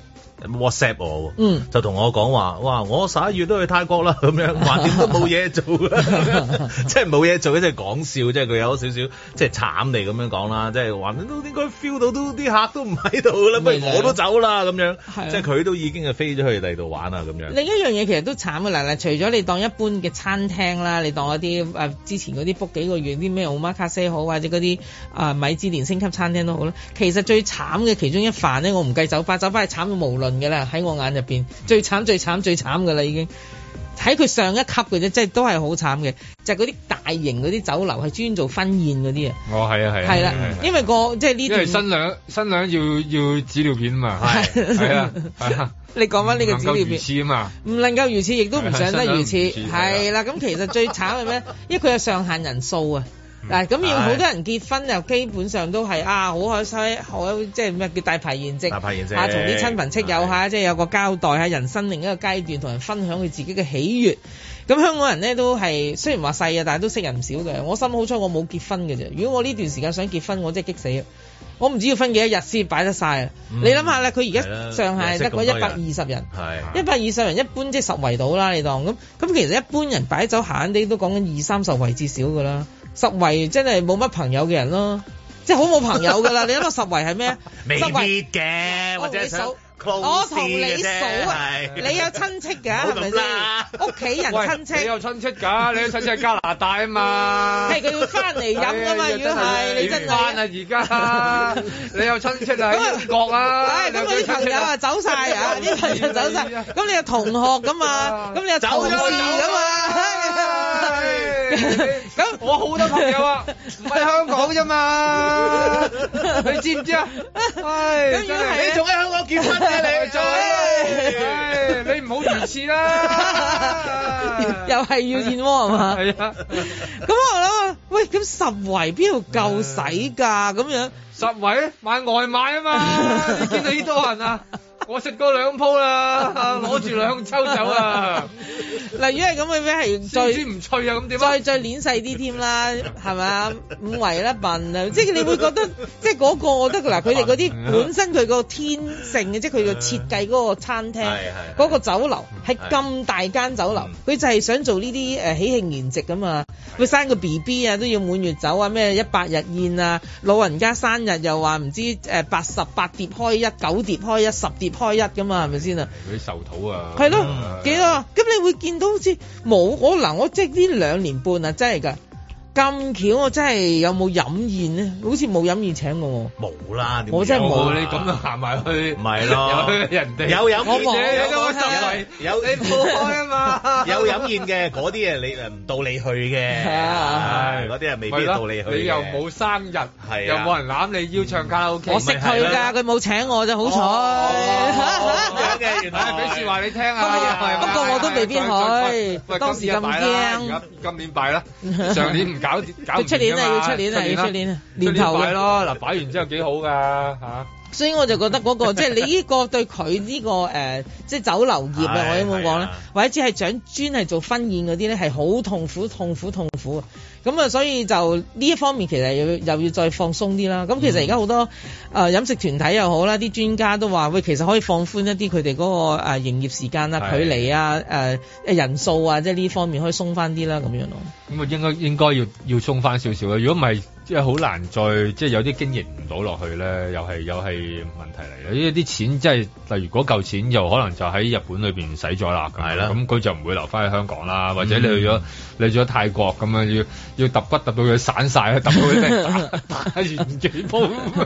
WhatsApp 我，嗯、就同我講話，哇！我十一月都去泰國啦，咁樣橫掂都冇嘢做啦，即係冇嘢做，即係講笑，即係佢有少少即係慘嚟咁樣講啦，即係話都應該 feel 到都啲客都唔喺度啦，不如我都走啦咁樣，的即係佢都已經係飛咗去第度玩啦咁樣。另一樣嘢其實都慘嘅，嗱，除咗你當一般嘅餐廳啦，你當一啲、呃、之前嗰啲 book 幾個月啲咩奧馬卡西好，或者嗰啲啊米芝蓮星級餐廳都好咧，其實最慘嘅其中一範呢，我唔計酒吧，酒吧係慘到無聊。嘅啦，喺我眼入邊最慘最慘最慘噶啦，已經喺佢上一級嘅啫，即係都係好慘嘅，就係嗰啲大型嗰啲酒樓係專做婚宴嗰啲啊。哦，係啊，係啊，係啦，因為個即係呢，因為新娘新娘要要紙尿片啊嘛，係啊係啊，你講翻呢個紙尿片啊嘛，唔能夠如此，亦都唔想得如此，係啦，咁其實最慘係咩？因為佢有上限人數啊。嗱，咁要好多人結婚又基本上都係啊，好開心，好即係咩叫大排筵席？同啲親朋戚友吓，即係有個交代吓人生另一個階段，同人分享佢自己嘅喜悅。咁香港人咧都係雖然話細啊，但係都識人唔少嘅。我心好彩，我冇結婚嘅啫。如果我呢段時間想結婚，我真係激死我，唔知要分幾多日先擺得晒啊！你諗下咧，佢而家上下得嗰一百二十人，一百二十人一般即係十圍到啦，你當咁咁。其實一般人擺酒閒閒哋都講緊二三十圍至少㗎啦。十圍真係冇乜朋友嘅人咯，即係好冇朋友噶啦。你諗下十圍係咩啊？未必嘅，或者想我同你數啊？你有親戚噶係咪先？屋企人親戚。你有親戚噶？你啲親戚喺加拿大啊嘛？係佢要翻嚟飲啊嘛？如果係你真係。你真係。而家你有親戚喺英國啊？咁啊啲朋友啊走晒啊！啲朋友走晒！咁你有同學噶嘛？咁你係同事噶嘛？咁我好多朋友啊，唔係香港啫嘛，你知唔知啊？咁樣係你仲喺香港結婚啫？你再，你唔好如此啦。又係要燕窩係嘛？係啊。咁我諗啊，喂，咁十圍邊度夠使㗎？咁樣。十圍買外賣啊嘛！ 你見到幾多人啊？我食過兩鋪啦，攞住兩抽走啊！例 如果係咁嘅咩係再唔脆啊？咁點？ 再再捏細啲添啦，係咪啊？五圍啦，笨啦！即係你會覺得，即係嗰個我覺得嗱，佢哋嗰啲本身佢個天性嘅， 即係佢嘅設計嗰個餐廳，嗰 個酒樓係咁大間酒樓，佢 就係想做呢啲誒喜慶筵席啊嘛！佢 生個 BB 啊都要滿月酒啊，咩一百日宴啊，老人家生日。又話唔知誒，八十八疊開一九疊開一十疊開一咁嘛係咪先啊？嗰啲受土啊，係咯 幾多？咁你會見到好似冇可能。我即係呢兩年半啊真係噶。咁巧我真係有冇飲宴咧？好似冇飲宴請我喎，冇啦，我真係冇。你咁都行埋去？唔係咯，人哋有飲宴嘅，有你鋪開啊嘛。有飲宴嘅嗰啲嘢，你唔到你去嘅，係嗰啲係未必到你去。你又冇生日，係又冇人攬你，要唱卡拉 OK。我識佢㗎，佢冇請我就，好彩。哈哈，原來俾說話你聽啊！不過我都未必去，當時咁驚。今今年拜啦，上年唔。搞搞出年啊！要出年啊！要出年啊！年，年，年頭啊！咯，嗱擺、 嗯、完之後幾好噶吓。啊、所以我就覺得嗰、嗰個即係 你呢個對佢呢個誒，即係酒樓業啊，我有冇講咧？或者只係想專係做婚宴嗰啲咧，係好痛苦、痛苦、痛苦。啊。咁啊，所以就呢一方面其實又又要再放鬆啲啦。咁其實而家好多誒、呃、飲食團體又好啦，啲專家都話：喂，其實可以放寬一啲佢哋嗰個營、啊、業時間啊、啦、距離啊、誒、啊、誒人數啊，即係呢方面可以鬆翻啲啦，咁樣咯。咁啊，應該應該要要鬆翻少少啦。如果唔係，即係好難再即係有啲經營唔到落去咧，又係又係問題嚟嘅。呢啲錢即係，例如嗰嚿錢又可能就喺日本裏邊使咗啦。梗係啦的。咁佢就唔會留翻去香港啦，嗯、或者你去咗去咗泰國咁樣要要揼骨揼到佢散晒，揼到佢打打完幾鋪，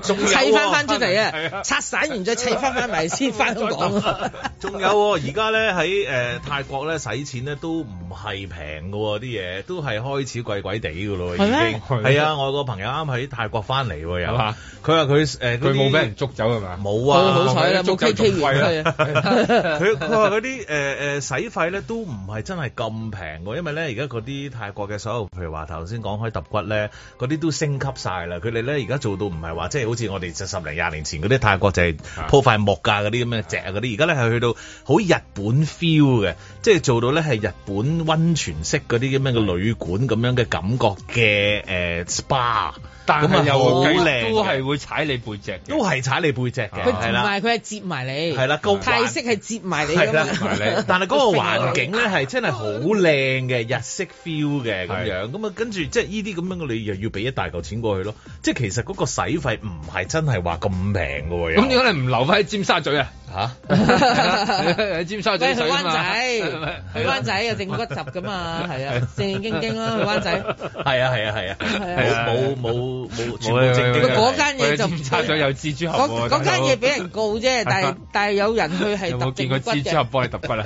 仲、 哦、 砌翻翻出嚟啊！拆散完再砌翻翻埋先翻香港。仲有而家咧喺誒泰國咧使錢咧都唔係平嘅啲嘢，都係開始貴鬼哋㗎咯，已經係啊！外國朋友啱喺泰國翻嚟喎，又嚇佢話佢誒佢冇俾人捉走係咪？冇啊！好彩啦，捉走仲貴啦。佢佢話嗰啲誒誒使費咧都唔係真係咁平喎，因為咧而家嗰啲泰國嘅所有，譬如話頭先講開揼骨咧，嗰啲都升級晒啦。佢哋咧而家做到唔係話即係好似我哋十零廿年前嗰啲泰國就係鋪塊木架嗰啲咁嘅隻嗰啲，而家咧係去到好日本 feel 嘅。即係做到咧，係日本溫泉式嗰啲咁樣嘅旅館咁樣嘅感覺嘅誒、uh, SPA。但係咁啊，又幾靚，都係會踩你背脊，都係踩你背脊嘅。佢唔係，佢係接埋你。係啦，高泰式係接埋你。係啦，但係嗰個環境咧係真係好靚嘅，日式 feel 嘅咁樣。咁啊，跟住即係呢啲咁樣嘅你又要俾一大嚿錢過去咯。即係其實嗰個使費唔係真係話咁平㗎喎。咁點解你唔留翻喺尖沙咀啊？嚇！喺尖沙咀。去灣仔，去灣仔有正骨集㗎嘛，係啊，正正經經啦，去灣仔。係啊，係啊，係啊。啊，冇冇。冇冇，全部正經，嗰間嘢就唔差咗有蜘蛛俠。嗰嗰間嘢俾人告啫， 但係 但係有人去係揼骨嘅。我見過蜘蛛俠幫你揼骨啦，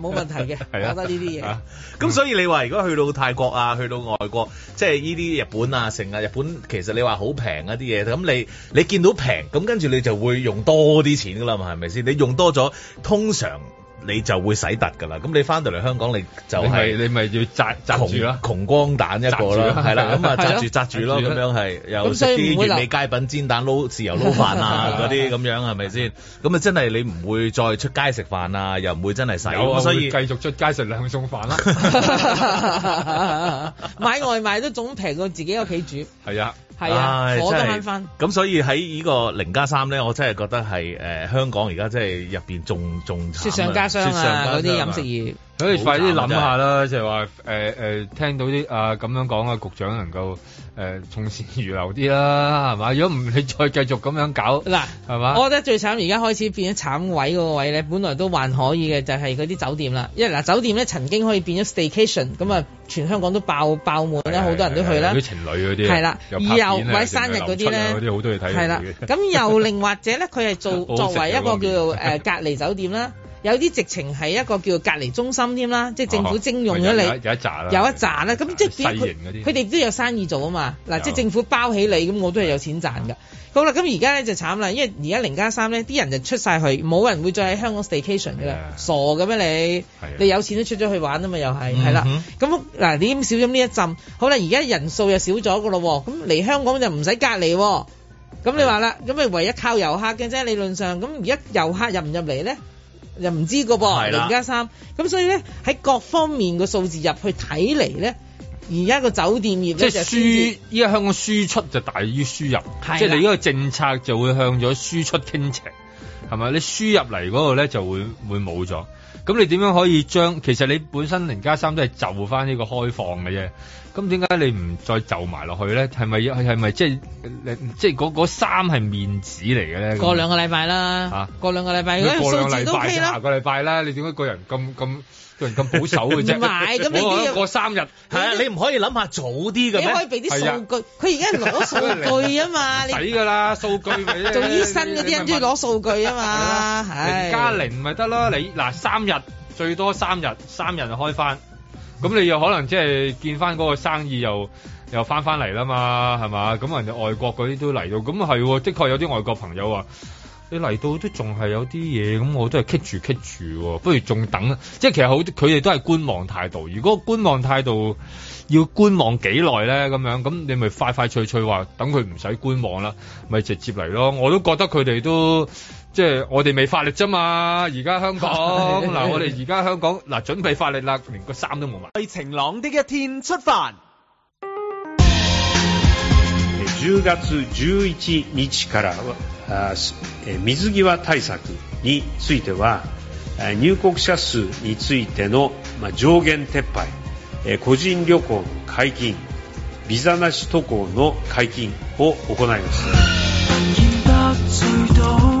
冇 問題嘅。講翻呢啲嘢。咁、嗯、所以你話如果去到泰國啊，去到外國，即係呢啲日本啊，成啊日本，其實你話好平一啲嘢，咁你你見到平，咁跟住你就會用多啲錢噶啦嘛，係咪先？你用多咗，通常。你就會使突㗎啦，咁你翻到嚟香港你就係你咪要紮扎住啦，窮光蛋一個啦，係啦，咁啊扎住紮住咯，咁樣係又食啲完美佳品煎蛋撈豉油撈飯啊嗰啲咁樣係咪先？咁啊真係你唔會再出街食飯啊，又唔會真係使，所以繼續出街食兩餸飯啦，買外賣都總平過自己屋企煮。係啊。係啊，火得翻翻。咁所以喺呢個零加三咧，我真係覺得係誒、呃、香港而家真係入邊仲仲雪上加霜、啊、雪上啲、啊、飲食業，所以、啊、快啲諗下啦，的就係話誒誒聽到啲啊咁樣講啊，局長能夠。誒從善如流啲啦，係嘛？如果唔你再繼續咁樣搞，嗱係嘛？吧我覺得最慘而家開始變咗慘位嗰個位咧，本來都還可以嘅，就係嗰啲酒店啦。因為嗱酒店咧曾經可以變咗 staycation，咁啊全香港都爆爆滿啦，好多人都去啦。啲情侶嗰啲係啦，又又喺生日嗰啲咧，嗰啲好多嘢睇。係啦，咁又另或者咧，佢係做作為一個叫做誒、呃、隔離酒店啦。 有啲直情係一個叫隔離中心添啦，即係政府徵用咗你，有一紮啦，咁即係佢哋都有生意做啊嘛。嗱，即係政府包起你，咁我都係有錢賺噶。好啦，咁而家咧就慘啦，因為而家零加三咧，啲人就出晒去，冇人會再喺香港 staycation 嘅啦，傻咁樣你。你有錢都出咗去玩啊嘛，又係係啦。咁嗱，你少咗呢一陣，好啦，而家人數又少咗個咯，咁嚟香港就唔使隔離。咁你話啦，咁咪唯一靠遊客嘅啫。理論上咁而家遊客入唔入嚟咧？又唔知個噃的零加三，咁所以咧喺各方面嘅數字入去睇嚟咧，而家個酒店業咧即係輸。依家香港輸出就大於輸入，的即係你呢個政策就會向咗輸出傾斜，係咪？你輸入嚟嗰度咧就會會冇咗。咁你點樣可以將？其實你本身零加三都係就返呢個開放嘅啫。咁點解你唔再就埋落去咧？係咪係係咪即係即係嗰嗰三係面子嚟嘅咧？過兩個禮拜啦，過兩個禮拜，過兩禮拜啦，下個禮拜啦。你點解個人咁咁個人咁保守嘅啫？唔買咁你點樣過三日？係啊，你唔可以諗下早啲嘅。你可以俾啲數據？佢而家攞數據啊嘛，睇㗎啦，數據咪啫。做醫生嗰啲人中意攞數據啊嘛，唉，加零咪得啦。你嗱三日最多三日，三日就開翻。咁你又可能即係見翻嗰個生意又又翻翻嚟啦嘛，係嘛？咁人哋外國嗰啲都嚟到，咁係、啊，的確有啲外國朋友話，你嚟到都仲係有啲嘢，咁我都係 keep 住 keep 住，不如仲等，即係其實好，佢哋都係觀望態度。如果觀望態度要觀望幾耐咧？咁樣咁你咪快快脆脆話等佢唔使觀望啦，咪直接嚟咯。我都覺得佢哋都。即係我哋未發力啫嘛，而家香港嗱，我哋而家香港嗱準備發力啦，連個衫都冇埋。在晴朗的一天出發。十月十一日から、水際対策については入國者數についての上限撤廃、個人旅行解禁、ビザなし渡航の解禁を行います。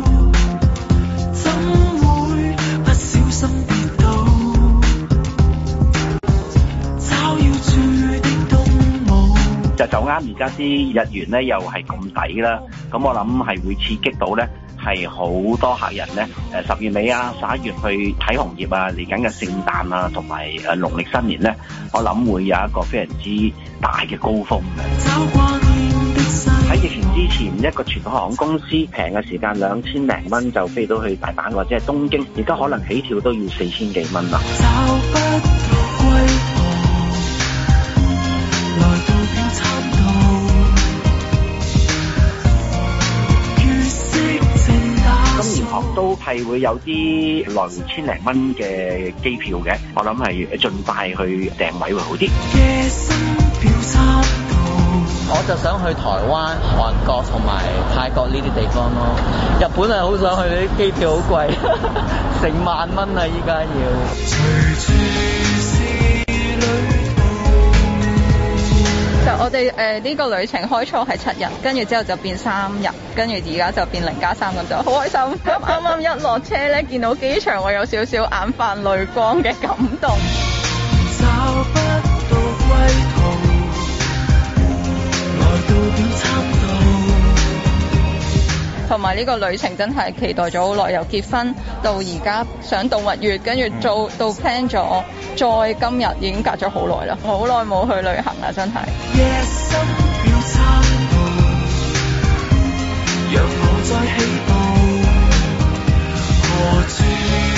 就就啱而家啲日元咧，又係咁抵啦，咁我諗係會刺激到咧，係好多客人咧，誒十月尾啊十一月去睇紅葉啊，嚟緊嘅聖誕啊，同埋誒農曆新年咧，我諗會有一個非常之大嘅高峰嘅。喺疫情之前，一個傳統航空公司平嘅時間兩千零蚊就飛到去大阪或者係東京，而家可能起跳都要四千幾蚊啦。都係會有啲兩千零蚊嘅機票嘅，我諗係盡快去訂位會好啲。我就想去台灣、韓國同埋泰國呢啲地方咯，日本係好想去，啲機票好貴， 成萬蚊啊依家要。我哋誒呢個旅程開初係七日，跟住之後就變三日，跟住而家就變零加三，咁就好開心！啱啱 一落車咧，見到機場我有少少眼泛淚光嘅感動。 同埋呢個旅程真係期待咗好耐，由結婚到而家上蜜月，跟住做到 plan 咗，再今日已經隔咗好耐啦，我好耐冇去旅行啦，真係。夜深要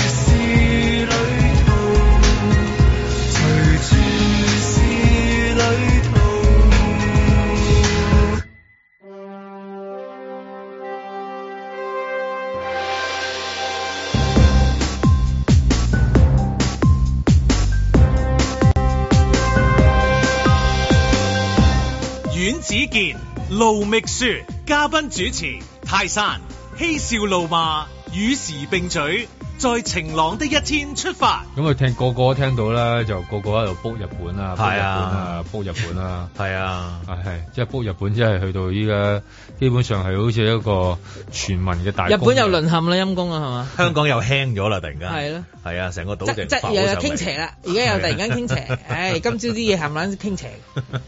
子健、盧覓雪、嘉賓主持，泰山嬉笑怒罵，與時並舉。在晴朗的一天出發，咁啊聽個個都聽到啦，就個個喺度 book 日本啊 b o、啊啊、日本啊，book 日本啦，係啊，係，即係 book 日本，即係去到依家基本上係好似一個全民嘅大日本又淪陷啦，陰公啦係嘛？香港又輕咗啦，突然間係咯，係啊，成、啊啊、個島又傾斜啦，而家又突然間傾斜，唉是、啊 哎，今朝啲嘢冚唪唥傾斜，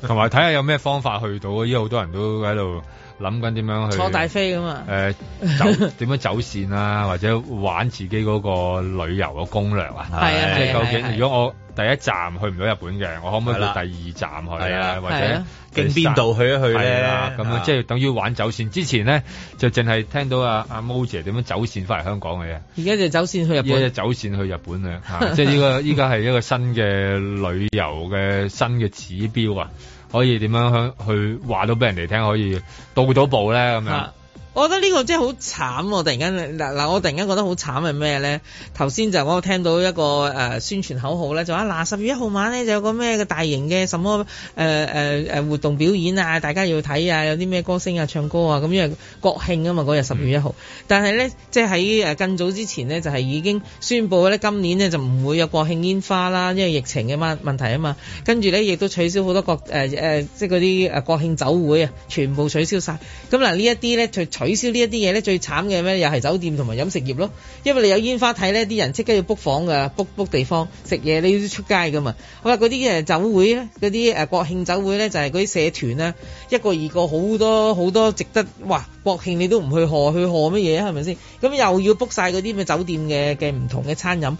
同埋睇下有咩方法去到，依家好多人都喺度。諗緊點樣去坐大飛咁啊？誒，走，點樣走綫啊？或者玩自己嗰個旅遊嘅攻略啊？係啊，即係究竟如果我第一站去唔到日本嘅，我可唔可以去第二站去啊？或者經邊度去一去咧？咁樣即係等於玩走綫。之前咧就淨係聽到阿阿毛姐點樣走綫翻嚟香港嘅啫。而家就走綫去日本。而家走綫去日本啊。即係呢個依家係一個新嘅旅遊嘅新嘅指標啊！可以點樣向去話到俾人哋聽？可以到咗步咧咁樣。啊我覺得呢個真係好慘喎、啊！突然間嗱嗱、啊，我突然間覺得好慘係咩呢？頭先就我聽到一個誒、呃、宣傳口號咧，就話嗱十月一號晚咧就有個咩個大型嘅什麼誒誒誒活動表演啊，大家要睇啊，有啲咩歌星啊唱歌啊咁，因為國慶啊嘛，嗰日十月一號。但係呢，即係喺誒更早之前呢，就係、是、已經宣布咧，今年呢就唔會有國慶煙花啦，因為疫情嘅問問題啊嘛。跟住呢，亦都取消好多國誒誒、呃呃，即係嗰啲誒國慶酒會啊，全部取消晒。咁、啊、嗱，呢一啲呢。取消呢一啲嘢咧，最慘嘅咩？又係酒店同埋飲食業咯，因為你有煙花睇呢，啲人即刻要 book 房㗎，book 地方食嘢，你要出街噶嘛？好啦，嗰啲誒酒會咧，嗰啲誒國慶酒會咧，就係嗰啲社團啦，一個二個好多好多值得哇！國慶你都唔去賀，去賀乜嘢啊？係咪先？咁又要 book 曬嗰啲咩酒店嘅嘅唔同嘅餐飲，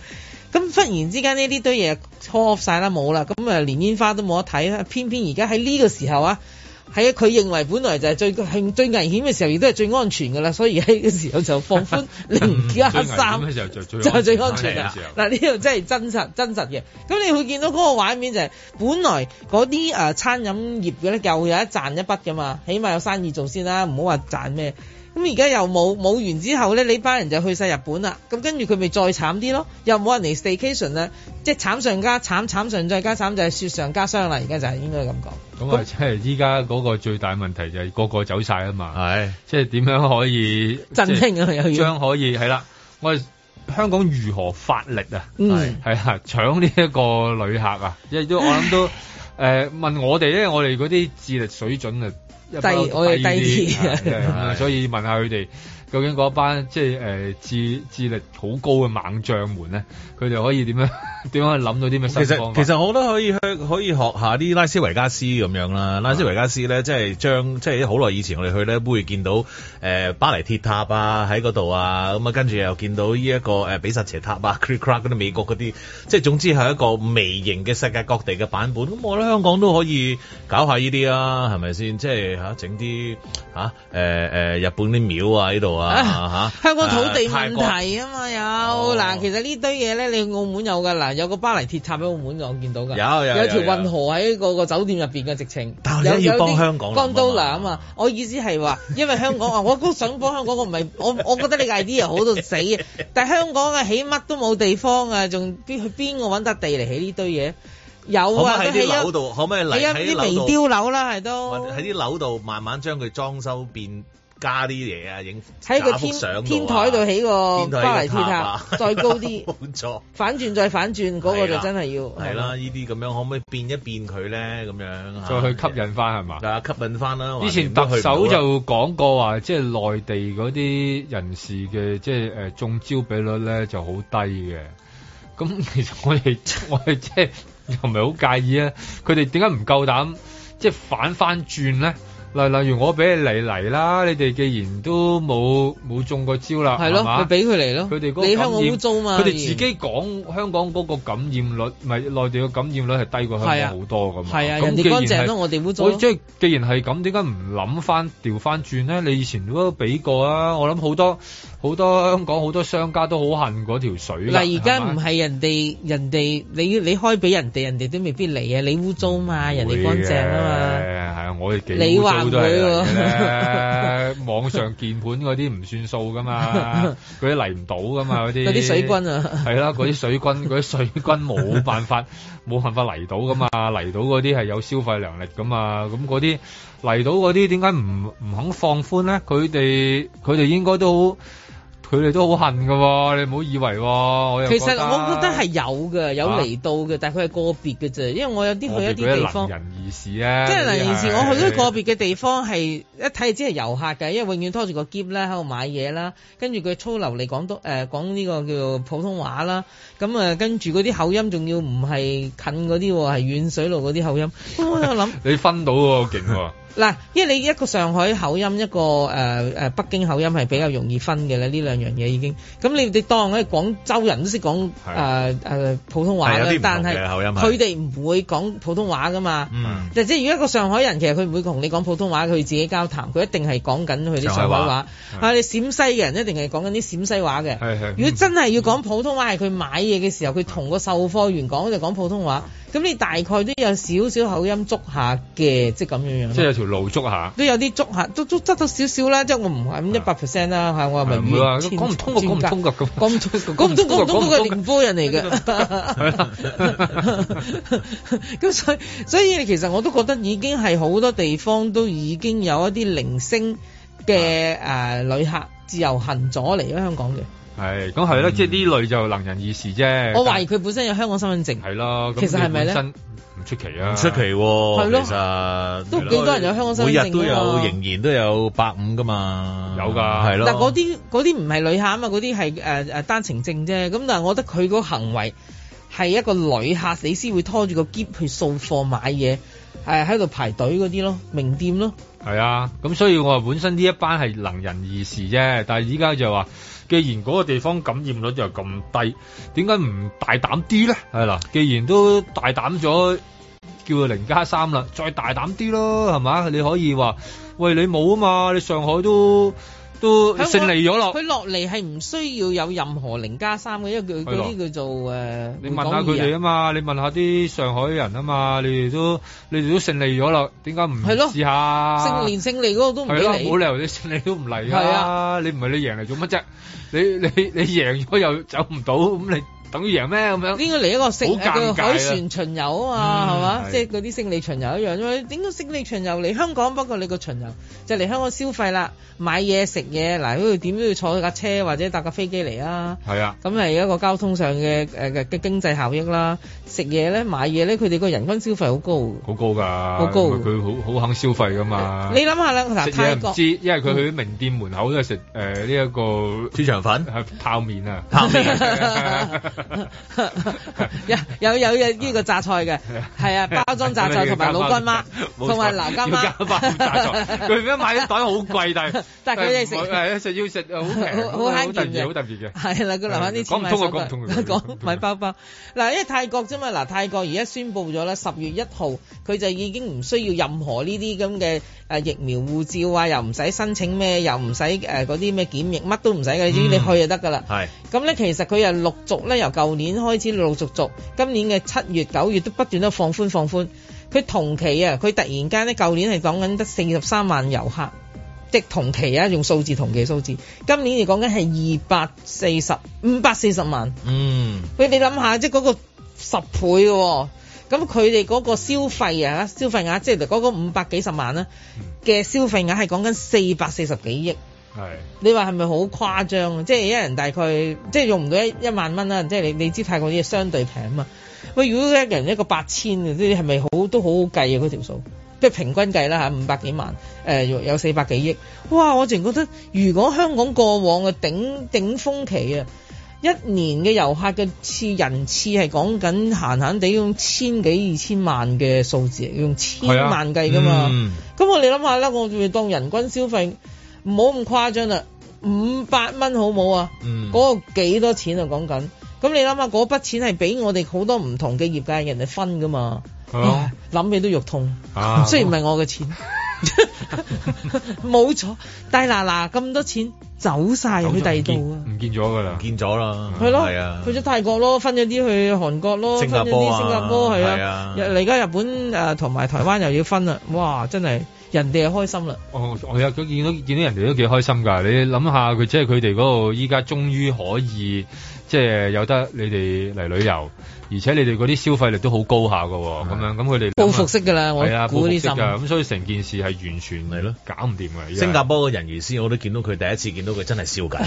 咁忽然之間呢呢堆嘢錯晒啦，冇啦，咁啊連煙花都冇得睇啦，偏偏而家喺呢個時候啊！係啊，佢認為本來就係最係最危險嘅時候，亦都係最安全噶啦，所以喺嘅時候就放寬零加三就係最安全啦。嗱， 呢度真係真實真實嘅。咁你會見到嗰個畫面就係，本來嗰啲誒餐飲業嘅咧，又有一賺一筆噶嘛，起碼有生意做先啦，唔好話賺咩。咁而家又冇冇完之後咧，你班人就去晒日本啦。咁跟住佢咪再慘啲咯？又冇人嚟 staycation 啊！即係慘上加慘，慘上再加慘，就係雪上加霜啦！而家就係應該咁講。咁啊，即係依家嗰個最大問題就係個個走晒啊嘛。係的，即係點樣可以的是振興啊？將可以係啦。我哋香港如何發力啊？係係啊，搶呢一個旅客啊！因為 都我諗都誒問我哋咧，我哋嗰啲智力水準啊～低，我又低啲， 所以問下佢哋，究竟嗰班即係誒、呃、智智力好高嘅猛將們咧？佢哋可以點點樣點樣諗到啲咩？其實其實我都可以去可以學下啲拉斯維加斯咁樣啦。拉斯維加斯咧，即係將即係好耐以前我哋去咧，都會見到誒、呃、巴黎鐵塔啊喺嗰度啊，咁啊跟住又見到呢、這、一個誒、呃、比薩斜塔啊 c r a c k 嗰啲美國嗰啲，即係總之係一個微型嘅世界各地嘅版本。咁我覺得香港都可以搞下呢啲啊，係咪先？即係嚇整啲嚇誒誒日本啲廟啊呢度啊嚇、啊啊。香港土地、啊、問題啊嘛有嗱，哦、其實呢堆嘢咧。你澳門有噶嗱，有個巴黎鐵塔喺澳門我見到嘅。有有有條運河喺個酒店入邊嘅直情。但係你都要幫香港，幫都難啊！我意思係話，因為香港啊，我都想幫香港，我唔係我我覺得你 idea 好到死，但係香港啊，起乜都冇地方啊，仲去邊個揾得地嚟起呢堆嘢？有啊，喺啲度，可唔可以嚟啲微雕樓啦？係都喺啲樓度慢慢將佢裝修變。加啲嘢啊！影喺個天天台度起個巴黎鐵塔，再高啲，冇錯。反轉再反轉，嗰 個就真係要係啦。呢啲咁樣可唔可以變一變佢咧？咁樣、啊、再去吸引翻係嘛？嗱、啊，吸引翻啦！以前特首就講過話，即係內地嗰啲人士嘅即係誒、呃、中招比率咧就好低嘅。咁其實我哋 我哋即係又唔係好介意啊。佢哋點解唔夠膽即係反翻轉咧？嗱，例如我俾你嚟嚟啦，你哋既然都冇冇中過招啦，係的吧咯，佢俾佢嚟咯，佢哋嗰個感染，香港污糟嘛？佢哋自己講香港嗰個感染率，咪內地嘅感染率係低過香港好的多㗎嘛，咁的人哋乾淨咯，我哋污糟咯。即係既然係咁，點解唔諗翻調翻轉咧？你以前如果俾過啊，我諗好多。好多香港好多商家都好恨嗰條水。嗱，而吧家唔係人哋人哋你你開俾人哋，人哋都未必嚟啊！你污糟嘛，人哋乾淨啊嘛。係啊，我哋幾污糟都係嘅。 網上鍵盤嗰啲唔算數噶嘛，嗰啲嚟唔到噶嘛，嗰啲。嗰啲 水軍啊。 係啦，嗰啲水軍，嗰啲水軍冇辦法冇 辦法嚟到噶嘛？嚟到嗰啲係有消費能力噶嘛？咁嗰啲嚟到嗰啲點解唔唔肯放寬咧？佢哋佢哋應該都。佢哋都好恨嘅喎，你唔好以為喎、哦。其實我覺得係有嘅，有嚟到嘅，啊、但係佢係個別嘅啫。因為我有啲去一啲地方。人異士啊！即係嗱。言時，我去啲個別嘅地方係一睇就知係遊客㗎，因為永遠拖住個喼啦，喺度買嘢啦，跟住佢粗流嚟講到誒講呢、呃、個叫做普通話啦。咁啊，跟住嗰啲口音仲要唔係近嗰啲，係遠水路嗰啲口音。我喺度諗。 你分到喎，勁喎、哦！ 嗱，因為你一個上海口音，一個誒誒、呃、北京口音係比較容易分嘅咧，呢兩樣嘢已經。咁你哋當咧廣州人都識講誒誒普通話，但係佢哋唔會講普通話噶嘛。嗯、即係如果一個上海人，其實佢唔會同你講普通話，佢自己交談，佢一定係講緊佢啲上海話。就係話。啊，是你陝西嘅人一定係講緊啲陝西話嘅。如果真係要講普通話，係佢、嗯、買嘢嘅時候，佢同個售貨員講佢就講普通話。咁你大概都有少少口音捉下嘅，即係咁樣樣。即係有條路捉，下，捉下。都有啲捉下，都都執到少少啦。即係的我唔係咁一百 percent 啦，嚇我係咪語。唔會話，講唔通個，講唔通個，講唔 通個，講唔通個，講唔通個嘅寧波人嚟嘅。咁所以，所以其實我都覺得已經係好多地方都已經有一啲零星嘅誒旅客自由行咗嚟啦，香港嘅。係咁係咧，即係呢類就能人異士啫。我懷疑佢本身有香港身份證，係咯。其實係咪咧？唔出奇啊，唔出奇係咯。其實都幾多人有香港身份證，都有，仍然都有百五噶嘛，有噶係咯。但嗰啲啲唔係旅客啊嘛，嗰啲係誒誒單程證啫。咁但係我覺得佢個行為係一個旅客，你先會拖住個喼去掃貨買嘢，誒喺度排隊嗰啲咯，名店咯。係啊，咁所以我話本身呢一班係能人異士啫，但係依家就話。既然嗰個地方感染率又咁低，點解唔大膽啲咧？係啦，既然都大膽咗叫做零加三啦，再大膽啲咯，係嘛？你可以話，喂，你冇啊嘛，你上海都。都勝利咗咯，佢落嚟係唔需要有任何零加三嘅，因為佢嗰啲叫做誒。你問下佢哋啊嘛，你問下啲上海人啊嘛，你哋都你哋都勝利咗啦，點解唔係試下？勝連勝利嗰個都唔嚟，冇理由你勝利都唔嚟啊！你唔係你贏嚟做乜啫？你你你贏咗又走唔到，咁你。等於贏咩咁樣？應該嚟一個勝利海船巡遊啊嘛，係嘛？即係嗰啲勝利巡遊一樣啫，點解勝利巡遊嚟香港？不過你個巡遊就嚟香港消費啦，買嘢食嘢。嗱，佢點都要坐架車或者搭架飛機嚟啊。係啊。咁係一個交通上嘅誒嘅經經濟效益啦。食嘢咧，買嘢咧，佢哋個人均消費好高。好高㗎。好高。佢好好肯消費㗎嘛。你諗下啦，泰國。因為佢去啲名店門口都係食誒呢一個豬腸粉，泡麵啊，有有有嘅呢個榨菜嘅，係啊，包裝榨菜同埋老乾媽，同埋藍乾媽。佢咩買一袋好貴，但係但係佢哋食食要食好平，好慳嘅，好特別嘅。係啦，佢留翻啲錢唔通通，講買包包。嗱，因為泰國啫嘛，嗱，泰國而家宣布咗啦，十月一號佢就已經唔需要任何呢啲咁嘅。啊、疫苗護照啊，又唔使申請咩，又唔使誒嗰啲咩檢疫，乜都唔使嘅，你知你去就得噶啦。係、mm. 嗯，咁咧其實佢又陸續咧，由舊年開始陸續續，今年嘅七月九月都不斷都放寬放寬。佢同期啊，佢突然間咧，舊年係講緊得四十三萬遊客，即同期啊，用數字同期數字，今年而講緊係二百四十五百四十萬。嗯，佢你諗下，即係嗰個十倍嘅、哦。咁佢哋嗰個消費啊，消費額即係嗰個五百幾十萬啦、啊、嘅、嗯、消費額係講緊四百四十幾億，係是你話係咪好誇張？即、就、係、是、一人大概即係、就是、用唔到一一萬蚊啦、啊，即、就、係、是、你你知泰國啲嘢相對平啊嘛。喂，如果一人一個八千，呢啲係咪好都好好計啊？嗰條數即係平均計啦吓，五百幾萬，誒、呃、有四百幾億，哇！我淨係覺得如果香港過往嘅頂頂峰期啊。一年嘅遊客嘅次人次係講緊閒閒地用千幾二千萬嘅數字，用千萬計噶嘛。咁、嗯、我你諗下啦，我仲要當人均消費，唔好咁誇張啦，五百蚊好唔好啊？嗰個幾多錢啊？講緊，咁你諗下嗰筆錢係俾我哋好多唔同嘅業界人哋分噶嘛？諗的起都肉痛，啊、雖然唔係我嘅錢。啊 冇 錯，大拿嗱咁多錢走曬去第二度啊，唔見咗㗎啦，唔見咗啦，係咯，係啊，去咗泰國咯，分咗啲去韓國咯，新加坡啊，分咗啲去新加坡係啊，嚟而家日本誒同埋台灣又要分啦，哇！真係人哋係開心啦，哦，係啊，佢見到見到人哋都幾開心㗎，你諗下佢即係佢哋嗰度依家終於可以即係有得你哋嚟旅遊。而且你哋嗰啲消費力都好高下嘅，咁的樣咁佢哋都報復式嘅啦，係啊，報復式嘅，咁所以成件事係完全係咯，搞唔掂嘅。在新加坡嘅人魚師我都見到佢第一次見到佢真係笑緊嘅，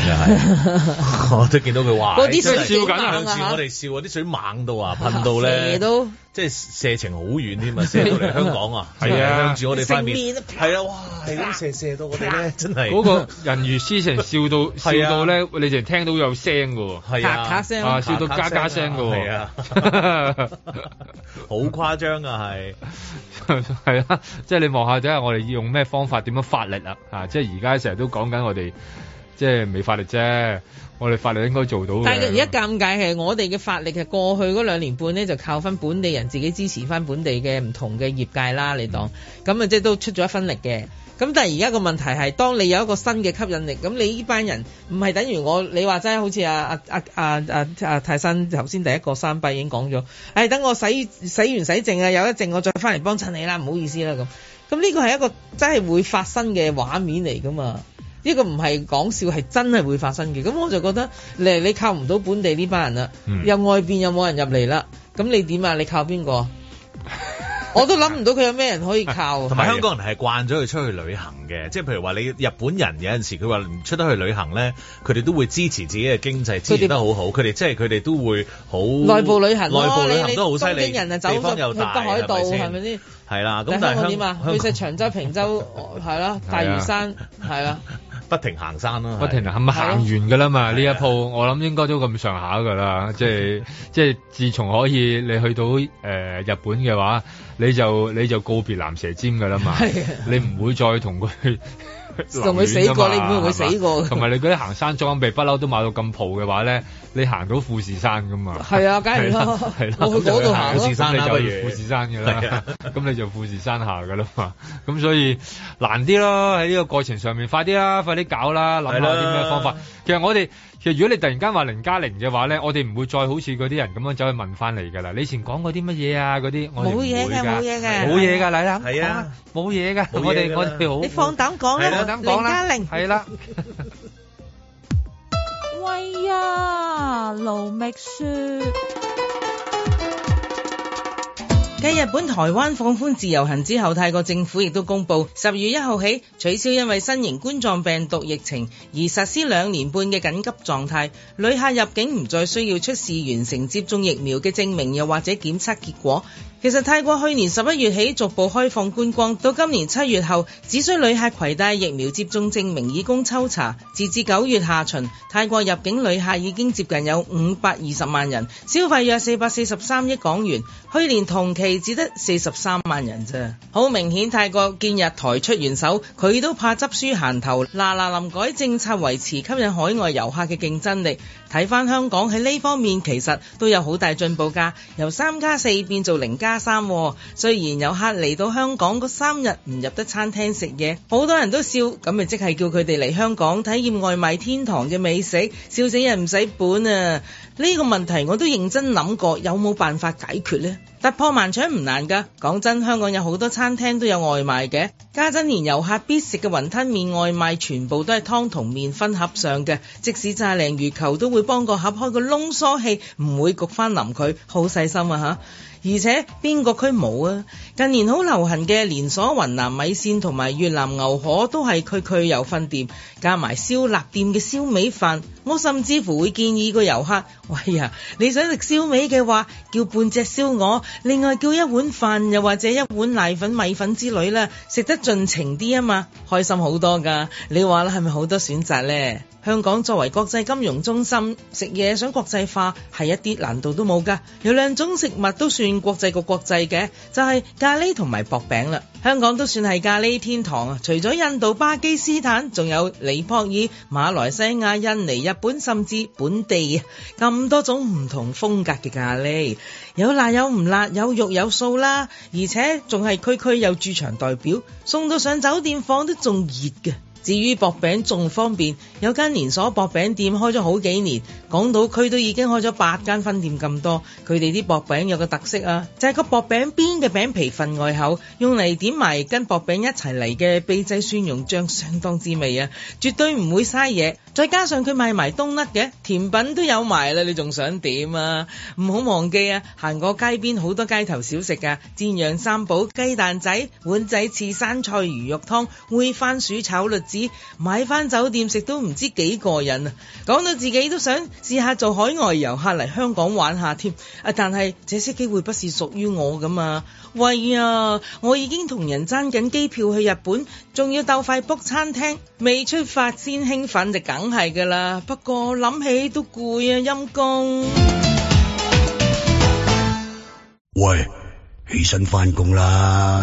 係， 我都見到佢話，嗰啲 水笑緊啊！上次我哋笑啊，啲水猛到啊，噴到咧。即係射程好遠添嘛，射到嚟香港啊，係啊， 向住我哋塊面，係 啊，哇，係咁射射到我哋咧，真係嗰 個人如斯成笑到笑到咧， 你成聽到有聲嘅喎，咔咔聲，笑到加加聲嘅喎，係 是啊，好 誇張啊，係，係啊。即係你望下啫，我哋要用咩方法，點樣發力啊？啊，即係而家成日都講緊我哋即係未發力啫。我哋法力應該做到，但係而家尷尬係，我哋嘅法力係過去嗰兩年半呢， 就靠翻本地人自己支持翻本地嘅唔同嘅業界啦你當。咁啊，即係都出咗一分力嘅。咁但係而家個問題係，當你有一個新嘅吸引力，咁你呢班人唔係等於我。你話齋好似阿阿阿阿阿阿泰山頭先第一個三拜已經講咗。誒、哎，等我洗洗完洗淨啊，有一陣我再翻嚟幫襯你啦，唔好意思啦咁。咁呢個係一個真係會發生嘅畫面嚟㗎嘛？呢個唔係講笑，係真係會發生嘅。咁我就覺得，咧你靠唔到本地呢班人啦，又外邊又冇人入嚟啦，咁你點啊？你靠邊個？我都諗唔到佢有咩人可以靠。同埋香港人係慣咗去出去旅行嘅，即係譬如話你日本人有陣時佢話唔出得去旅行咧，佢哋都會支持自己嘅經濟，支持得好好。佢哋即係佢哋都會好內部旅行，內部旅行都好犀利。本地人啊，走咗去北海道係咪先？係啦，咁但係香港點啊？去食長洲、坪洲係啦，大嶼山係啦。不停行山咯，不停咁、啊、行完噶啦嘛，呢、啊、一鋪我諗應該都咁上下噶啦，即係即係自從可以你去到誒、呃、日本嘅話，你就你就告別蚺蛇尖噶啦嘛，啊、你唔會再同佢同佢死過，你唔會同佢死過。同埋你嗰啲 行山裝備不嬲都買到咁鋪嘅話咧。你行到富士山㗎嘛？係啊，梗係啦，係啦，嗰度行富士山你就如富士山嘅啦，咁你就富士山下嘅啦嘛。咁所以難啲咯，喺呢個過程上面，快啲啦，快啲搞啦，諗下啲咩方法。其實我哋其實如果你突然間話林嘉玲嘅話咧，我哋唔會再好似嗰啲人咁樣走去問翻嚟㗎啦。你以前講過啲乜嘢啊？嗰啲冇嘢嘅，冇嘢嘅，冇嘢嘅，你諗係啊？冇嘢嘅，我哋我哋好。你放膽講啦，林嘉玲係啦。哎呀，盧覓雪，繼日本、台灣放寬自由行之後，泰國政府亦都公布，十月一號起取消因為新型冠狀病毒疫情而實施兩年半嘅緊急狀態，旅客入境唔再需要出示完成接種疫苗嘅證明，又或者檢測結果。其實泰國去年十一月起逐步開放觀光，到今年七月後，只需旅客攜帶疫苗接種證明以供抽查。截至九月下旬，泰國入境旅客已經接近有五百二十萬人，消費約四百四十三億港元，去年同期只得四十三萬人咋？好明顯，泰國見日台出援手，佢都怕執輸閒頭嗱嗱臨改政策維持吸引海外遊客嘅競爭力。睇翻香港喺呢方面，其實都有好大進步㗎，由三加四變做零加三。雖然有客嚟到香港嗰三日唔入得餐廳食嘢，好多人都笑，咁咪即係叫佢哋嚟香港體驗外賣天堂嘅美食，笑死人唔使本啊！呢個問題我都認真諗過，有冇辦法解決呢？突破萬場唔難㗎，講真香港有好多餐廳都有外賣嘅，家陣連遊客必食嘅雲吞麵外賣，全部都係湯同麵分盒上嘅，即使炸鯪魚球都會幫個盒開個窿疏氣，唔會焗翻腍佢，好細心啊吓，而且邊個區冇啊？近年好流行嘅連鎖雲南米線同埋越南牛河都係區區有分店，加埋燒臘店嘅燒味飯，我甚至乎會建議個遊客：喂呀，你想食燒味嘅話，叫半隻燒鵝，另外叫一碗飯，又或者一碗瀨粉米粉之類啦，食得盡情啲啊嘛，開心好多噶！你話啦，係咪好多選擇呢？香港作為國際金融中心，食嘢想國際化係一啲難度都冇噶，有兩種食物都算國際個國際嘅，就係、是。咖喱同埋薄餅啦，香港都算係咖喱天堂啊！除咗印度、巴基斯坦，仲有尼泊爾、馬來西亞、印尼、日本，甚至本地咁多種唔同風格嘅咖喱，有辣有唔辣，有肉有素啦，而且仲係區區有駐場代表，送到上酒店房都仲熱嘅。至於薄餅仲方便，有間連鎖薄餅店開咗好幾年，港島區都已經開咗八間分店咁多。佢哋啲薄餅有個特色啊，就係、是、個薄餅邊嘅餅皮份外厚，用嚟點埋跟薄餅一齊嚟嘅秘製蒜蓉醬相當滋味啊，絕對唔會嘥嘢。再加上佢賣埋冬甩嘅甜品都有埋啦，你仲想點啊？唔好忘記啊，行過街邊好多街頭小食噶、啊，煎釀三寶、雞蛋仔、碗仔翅、生菜魚肉湯、煨番薯、炒栗子。買翻酒店食都唔知幾過癮啊！講到自己都想試下做海外遊客嚟香港玩下添，但係這些機會不是屬於我噶嘛？喂啊，我已經同人爭緊機票去日本，仲要鬥快 book 餐廳，未出發先興奮就梗係噶啦。不過諗起都攰啊，陰公。喂，起身翻工啦！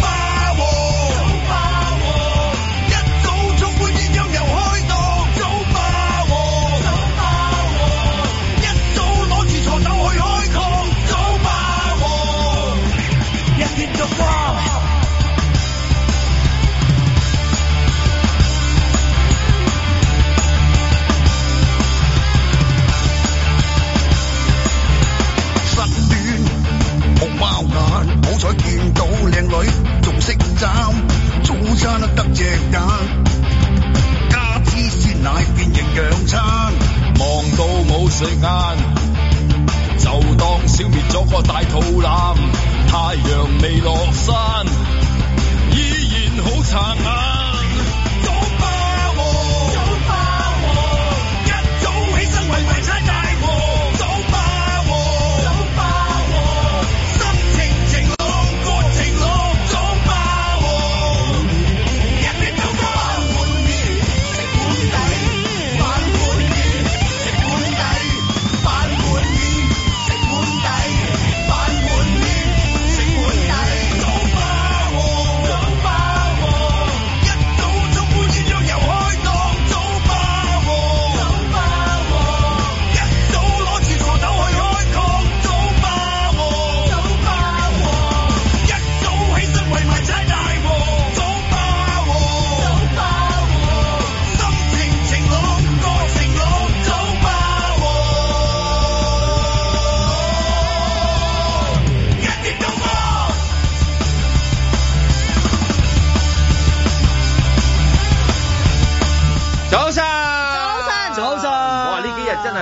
才見到靚女，仲識斬早餐得隻蛋，加支鮮奶變營養餐，忙到冇食晏，就當消滅咗個大肚腩，太陽未落山，依然好殘眼。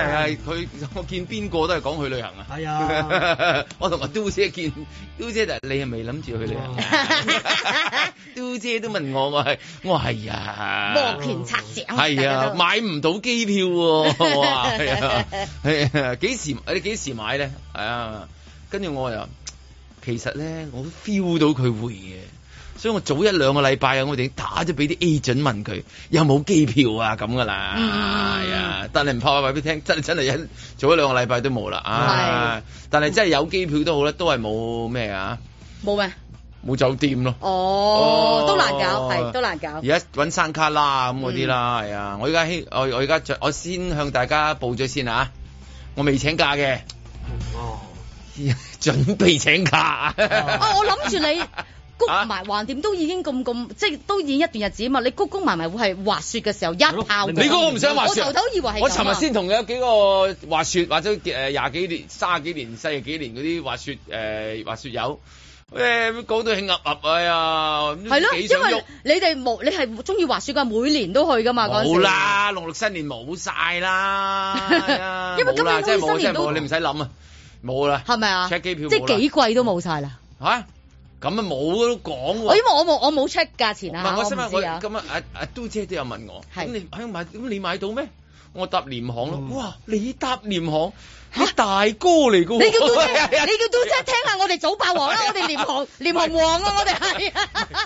係啊，佢我見邊個都係講去旅行啊。係啊， 我同阿嘟姐見，嘟姐就你係未諗住去旅行？嘟 姐都問我，我係我係啊，摩拳擦掌，係啊，買唔到機票喎，哇，係、哎、啊，幾時你幾時買咧？係、哎、啊，跟住我又，其實咧，我都 feel 到佢會嘅。所以我早一兩個禮拜啊，我哋打咗俾啲 agent 問佢有冇機票啊咁噶啦。哎呀，但係唔怕話俾你聽，真真係一早一兩個禮拜都冇啦。係，但係真係有機票都好咧，都係冇咩啊。冇咩？冇酒店咯。哦，都難搞，係都難搞。而家搵山卡啦咁嗰啲啦，係啊。我而家我我而家我先向大家報咗先啊。我未請假嘅。哦。準備請假。哦，我諗住你。谷埋橫掂都已經咁咁，即係都已經一段日子啊嘛！你谷谷埋埋會係滑雪嘅時候一炮，你嗰個唔想滑雪？我頭頭以為係我尋日先同你幾個滑雪，或者誒廿幾年、三十幾年、四十幾年嗰啲滑雪誒滑雪友誒講到興噏噏，哎呀，幾喐？係咯，因為你哋冇，你係中意滑雪嘅，每年都去㗎嘛？好啦，六六新年冇曬啦，因為今年六六新年都你唔使諗啊，冇啦，係咪啊？check 機票冇，即係幾季都冇曬啦嚇。咁啊冇都講喎！因為我冇我冇 check 價錢啊！我咁啊阿阿嘟姐都有問我，咁你係咪咁你買到咩？我搭廉航咯！哇，你搭廉航，你大哥嚟噶喎！你叫嘟姐，你叫嘟姐，聽下我哋早霸王啦，我哋廉航廉航王啊，我哋係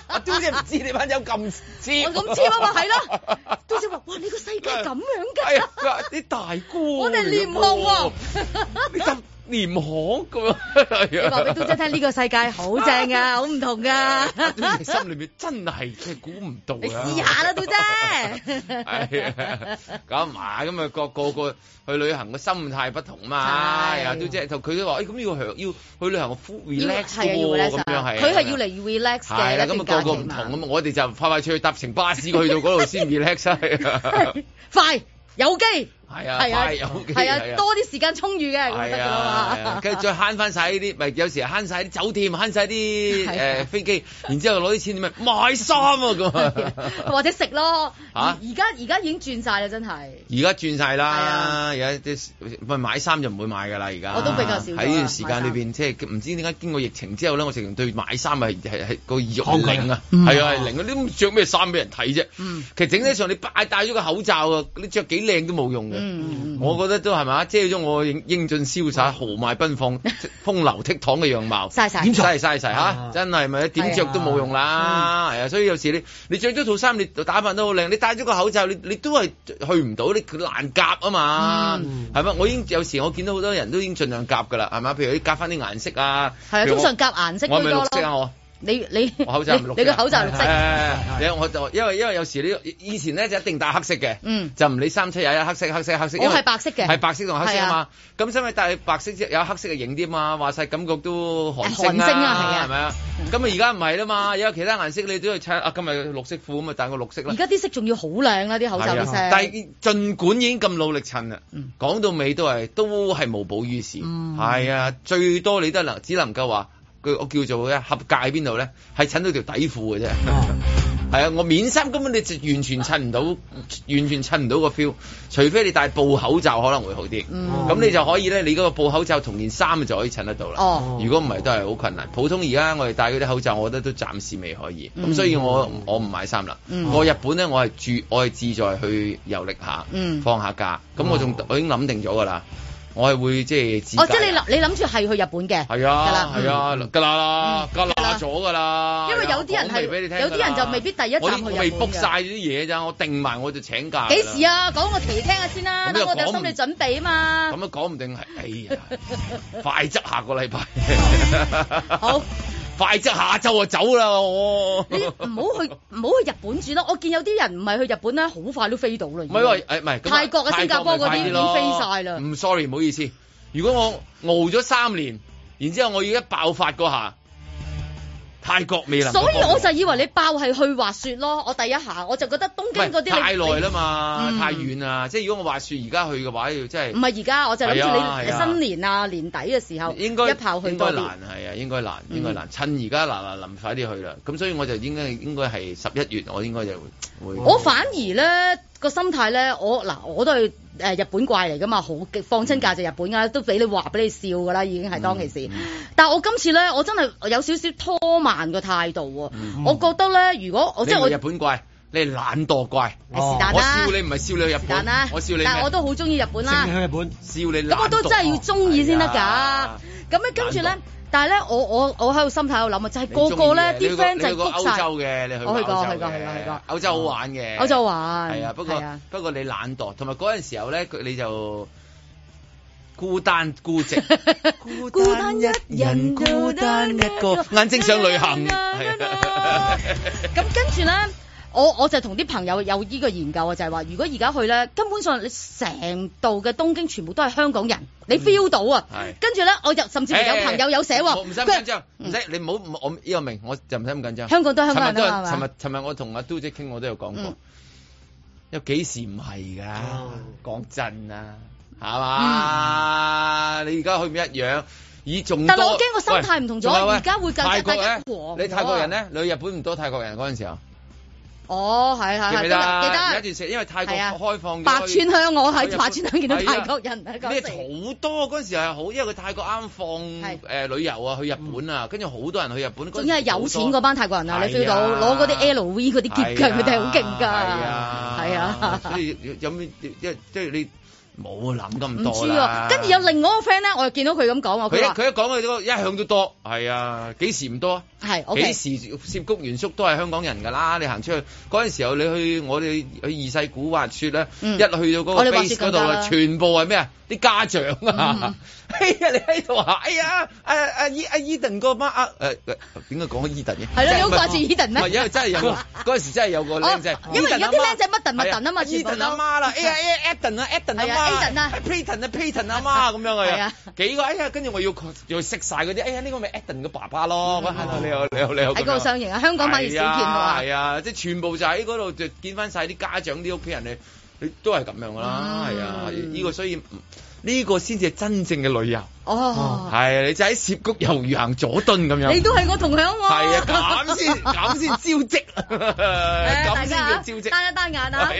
阿嘟姐唔知你班友咁知，我咁知啊嘛係啦，嘟姐話哇你個世界咁樣㗎？你大哥，我哋廉航王。廉航咁啊！你話俾嘟姐聽，呢個世界好正啊，好唔同噶心裏面真係真係估唔到啊！你試下啦，嘟姐。搞啊，咁啊咁啊，各個個去旅行嘅心態不同嘛。啊嘟姐，佢佢話，誒，咁呢個要去旅行，嘅呼 relax 嘅咁樣係。佢係要嚟 relax 嘅。係啦，咁啊，個個唔同咁嘛。我哋就快快出去搭乘巴士去到嗰度先 relax 快有機。係啊，係啊，係啊，多啲時間充裕嘅，係啊，跟住再慳翻曬啲，咪有時慳晒啲酒店，慳晒啲誒飛機，然之後攞啲錢點樣買衫啊咁，或者食咯。而家而家已經轉晒啦，真係。而家轉晒啦，而家即係唔買衫就唔會買噶啦。而家我都比較少喺呢段時間裏邊，即係唔知點解經過疫情之後咧，我成日對買衫係係係個慾望啊，係啊，零嗰啲着咩衫俾人睇啫，其實整體上你戴咗個口罩啊，你着幾靚都冇用。嗯， 我覺得都係嘛，遮咗我英俊瀟灑、豪邁奔放、風流倜儻嘅樣貌，嘥曬 哪，點錯？嘥曬嚇，真係咪一點著都冇用啦，係啊、嗯、啊，所以有時你你著咗套衫，你打扮都好靚，你戴咗個口罩，你你都係去唔到，你難夾啊嘛，係咪？我已經有時我見到好多人都已經盡量夾噶啦，係咪啊？譬如你夾翻啲顏色啊，係啊，通常夾顏色，我係咪綠色啊我？你你你你個口罩綠色，誒，我我就因為因為有時呢，以前呢就一定戴黑色嘅，就唔理三七廿一黑色黑色黑色，因為係白色嘅，係白色同黑色嘛，咁所以戴白色有黑色嘅影啲嘛，話晒感覺都寒星啊，係咪啊？咁啊而家唔係啦嘛，有其他顏色你都要襯啊今日綠色褲咁啊戴個綠色啦，而家啲色仲要好靚啊啲口罩但係盡管已經咁努力襯啦，講到尾都係都係無補於事，係啊，最多你都能只能夠話。佢我叫做咧合格喺邊度咧？係襯到條底褲嘅啫，係、oh. 啊！我棉衫根本你完全襯唔到，完全襯唔到個 feel。除非你戴布口罩可能會好啲，咁、oh. 你就可以咧。你嗰個布口罩同件衫就可以襯得到啦。如果唔係都係好困難。普通而家我哋戴嗰啲口罩，我覺得都暫時未可以。咁、oh. 所以我我唔買衫啦。Oh. 我日本咧，我係志我係志在去遊歷下，oh. 放下假。咁我仲我已經諗定咗㗎啦。我係會即係哦，即係你諗你諗住係去日本嘅，係啊，係啊，㗎啦、嗯，㗎啦了，咗㗎啦。因為有啲人係，有啲人就未必第一站去日本我。我未 book 曬啲嘢咋，我定埋我就請假。幾時啊？講個期聽下先啦、啊，等我有心理準備啊嘛。咁啊，講唔定係哎呀， 快則下個禮拜。好。快即下晝就走啦！我 你唔好去唔好去日本住咯！我見有啲人唔係去日本咧，好快都飛到啦。唔係，誒唔係泰國啊、新加坡嗰啲已經飛晒啦。唔 sorry，唔好意思，如果我熬咗三年，然之後我要一爆發嗰下。泰國未啦，所以我就以為你爆係去滑雪咯。我第一下我就覺得東京嗰啲太耐啦嘛，嗯、太遠啦。即係如果我滑雪而家去嘅話，要真係唔係而家，我就諗住你新年啊，啊年底嘅時候應該一炮去一。應該難係啊，應該難，應該難。趁而家嗱嗱臨快啲去啦。咁、嗯、所以我就應該應該係十一月，我應該就會。哦、我反而咧、呢個心態咧，我嗱我都係。誒日本怪嚟噶嘛，好放親假就日本啦，啊，都俾你話俾你笑噶啦，已經係當其時。嗯、但係我今次咧，我真係有少少拖慢個態度，啊。嗯、我覺得咧，如果我即係我日本怪，你係懶惰怪，是但啦，哦、我笑你唔係笑你日本啦，我笑你。但係我都好中意日本啦，去日本笑你。咁我都真係要中意先得㗎。咁咧跟住咧。惰但係咧，我我我喺度心態喺度諗啊，就係個個咧啲 friend 就係歐洲嘅。你去過，去過，去過，去過。歐洲好玩嘅。歐洲玩。係啊，不過不過你懶惰，同埋嗰陣時候咧，佢你就孤單孤寂。孤單一人，孤單一個。眼睛想旅行。咁跟住咧。我我就同啲朋友有呢個研究啊，就係話如果而家去咧，根本上你成度嘅東京全部都係香港人，你 feel 到啊。跟住咧，我就甚至有朋友有寫，唔使緊張，唔使你唔好，我呢個明，我就唔使咁緊張。香港都香港人，係嘛？尋日尋日我同阿嘟姐傾，我都有講過，有幾時唔係噶？講真啊，係嘛？你而家去唔一樣？而仲多。但係我驚個心態唔同咗，而家會更加單一化。你泰國人咧？你日本唔多泰國人嗰陣時候？哦，係，係，係。記得，記得有一段時，因為泰國開放嘅，白川鄉我喺白川鄉見到泰國人喺度，咩好多嗰陣時係好，因為佢泰國啱放誒旅遊啊，去日本啊，跟住好多人去日本。總之係有錢嗰班泰國人啊，你 feel 到攞嗰啲 LV 嗰啲夾嘅，佢哋係好勁㗎。係啊，所以有咩即即係你。冇諗咁多啦，跟住、啊、有另外一個 friend 咧，我又見到佢咁講。佢一講，佢都一,一向都多，係啊，幾時唔多？係，幾、okay. 時。涉谷原宿都係香港人噶啦，你行出去嗰陣時候，你去我哋去二世古滑雪咧，嗯、一去到嗰個 base 嗰度啊，嗯、全部係咩啊？啲家長啊！嗯嗯哎呀，你喺度啊！哎呀，阿阿伊阿伊頓個媽，誒誒，點解講阿伊頓嘅？係咯，你好掛住伊頓咧。因為真係有個嗰陣時真係有個靚仔，因為而家啲靚仔乜頓乜頓啊嘛，伊頓阿媽啦，哎呀，哎阿頓啊，阿頓阿媽啦，阿 Eden 啊，Eden 阿媽咁樣嘅。係啊，幾個哎呀，跟住我要要識晒嗰啲，哎呀，呢個咪阿頓嘅爸爸咯。你好，你好，你好。喺個相型啊，香港可以少見我啊。係啊，即係全部就喺嗰度就見翻晒啲家長啲屋企人咧，你都係咁樣噶啦。係啊，呢個所以。呢個先至係真正嘅旅遊哦，係啊、oh. 哎！你就喺涉谷又行佐敦咁樣，你都係我同鄉喎。係啊，咁先咁先招職，咁 先 叫招職。啊、 單一單眼啊！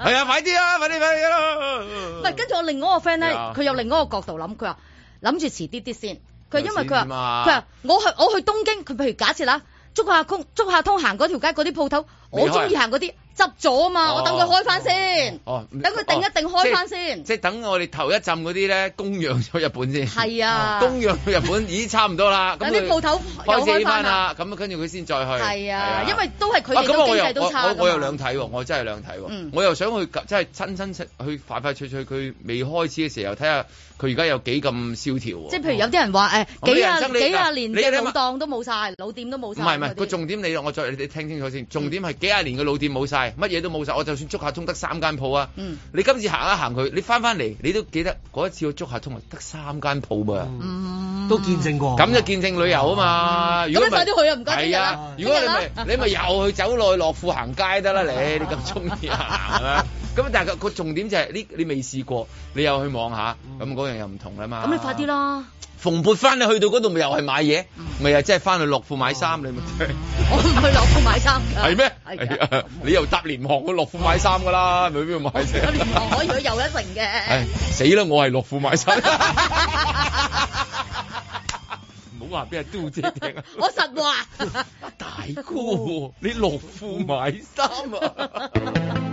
係 啊，快啲啊，快啲快啲啦！唔，跟住我另一個 friend 咧，佢又另一個角度諗，佢話諗住遲啲啲先。佢有時 因為佢話佢話我去我去東京，佢譬如假設啦，竹下通竹下通行嗰條街嗰啲鋪頭，我中意行嗰啲。執咗啊嘛！我等佢開返先，等佢定一定開返先。即係等我哋頭一陣嗰啲咧，供養咗日本先。係啊，供養日本已經差唔多啦。咁啲鋪頭又開返啦。咁跟住佢先再去。係啊，因為都係佢哋經濟都差。我有我兩睇喎，我真係兩睇喎。我又想去，即係親親去快快脆脆，佢未開始嘅時候睇下佢而家有幾咁蕭條。即係譬如有啲人話誒幾啊幾廿年嘅老檔都冇晒，老店都冇晒。唔係唔係，個重點你我再你聽清楚先。重點係幾廿年嘅老店冇晒。乜嘢都冇晒，我就算竹下通得三間鋪啊！嗯、你今次行一行佢，你翻翻嚟，你都記得嗰一次去竹下通係得三間鋪啊！嗯嗯、都見證過，咁就見證旅遊啊嘛！如果你快啲去，去行行，嗯、啊，唔該係啊，如果你咪你咪又去走落去樂富行街得啦，你你咁中意行。咁但係個重點就係呢，你未試過，你又去望下，咁嗰樣又唔同啦嘛。咁你快啲啦！逢撥翻你去到嗰度，咪又係買嘢，咪又即係翻去樂富買衫，你咪。我唔去樂富買衫。係咩？你又搭廉航去樂富買衫噶啦，去邊度買先？我可以去又一城嘅。死啦！我係樂富買衫。唔好話俾阿嘟姐聽啊！我實話，大姑你樂富買衫啊！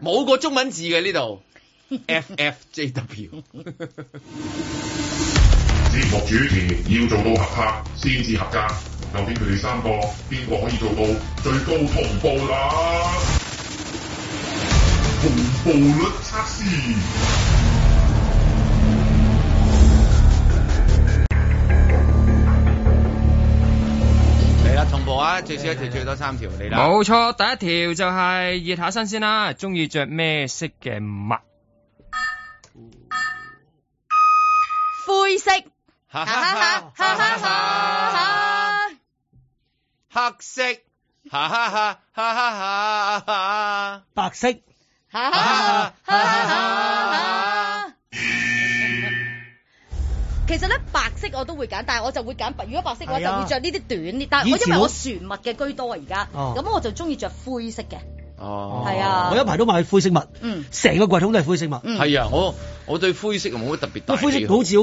冇個中文字嘅呢度，F F J W。節目 主持要做到合拍先至合格，究竟佢哋三個邊個可以做到最高同步率？ 同步率測試。最少一條，最多三條，你啦。冇錯，第一條就係熱下身先啦。鍾意着咩色嘅襪？灰色。哈哈哈！哈哈哈！黑色。哈哈哈！哈哈哈！白色。哈哈哈！哈哈哈！其實咧，白色我都會揀，但係我就會揀白。如果白色嘅話，就會着呢啲短啲。但係我因為我船襪嘅居多啊，而家咁我就中意着灰色嘅。哦，係啊，我一排都買灰色襪，成個櫃桶都係灰色襪。嗯，係啊，我我對灰色冇乜特別。灰色好似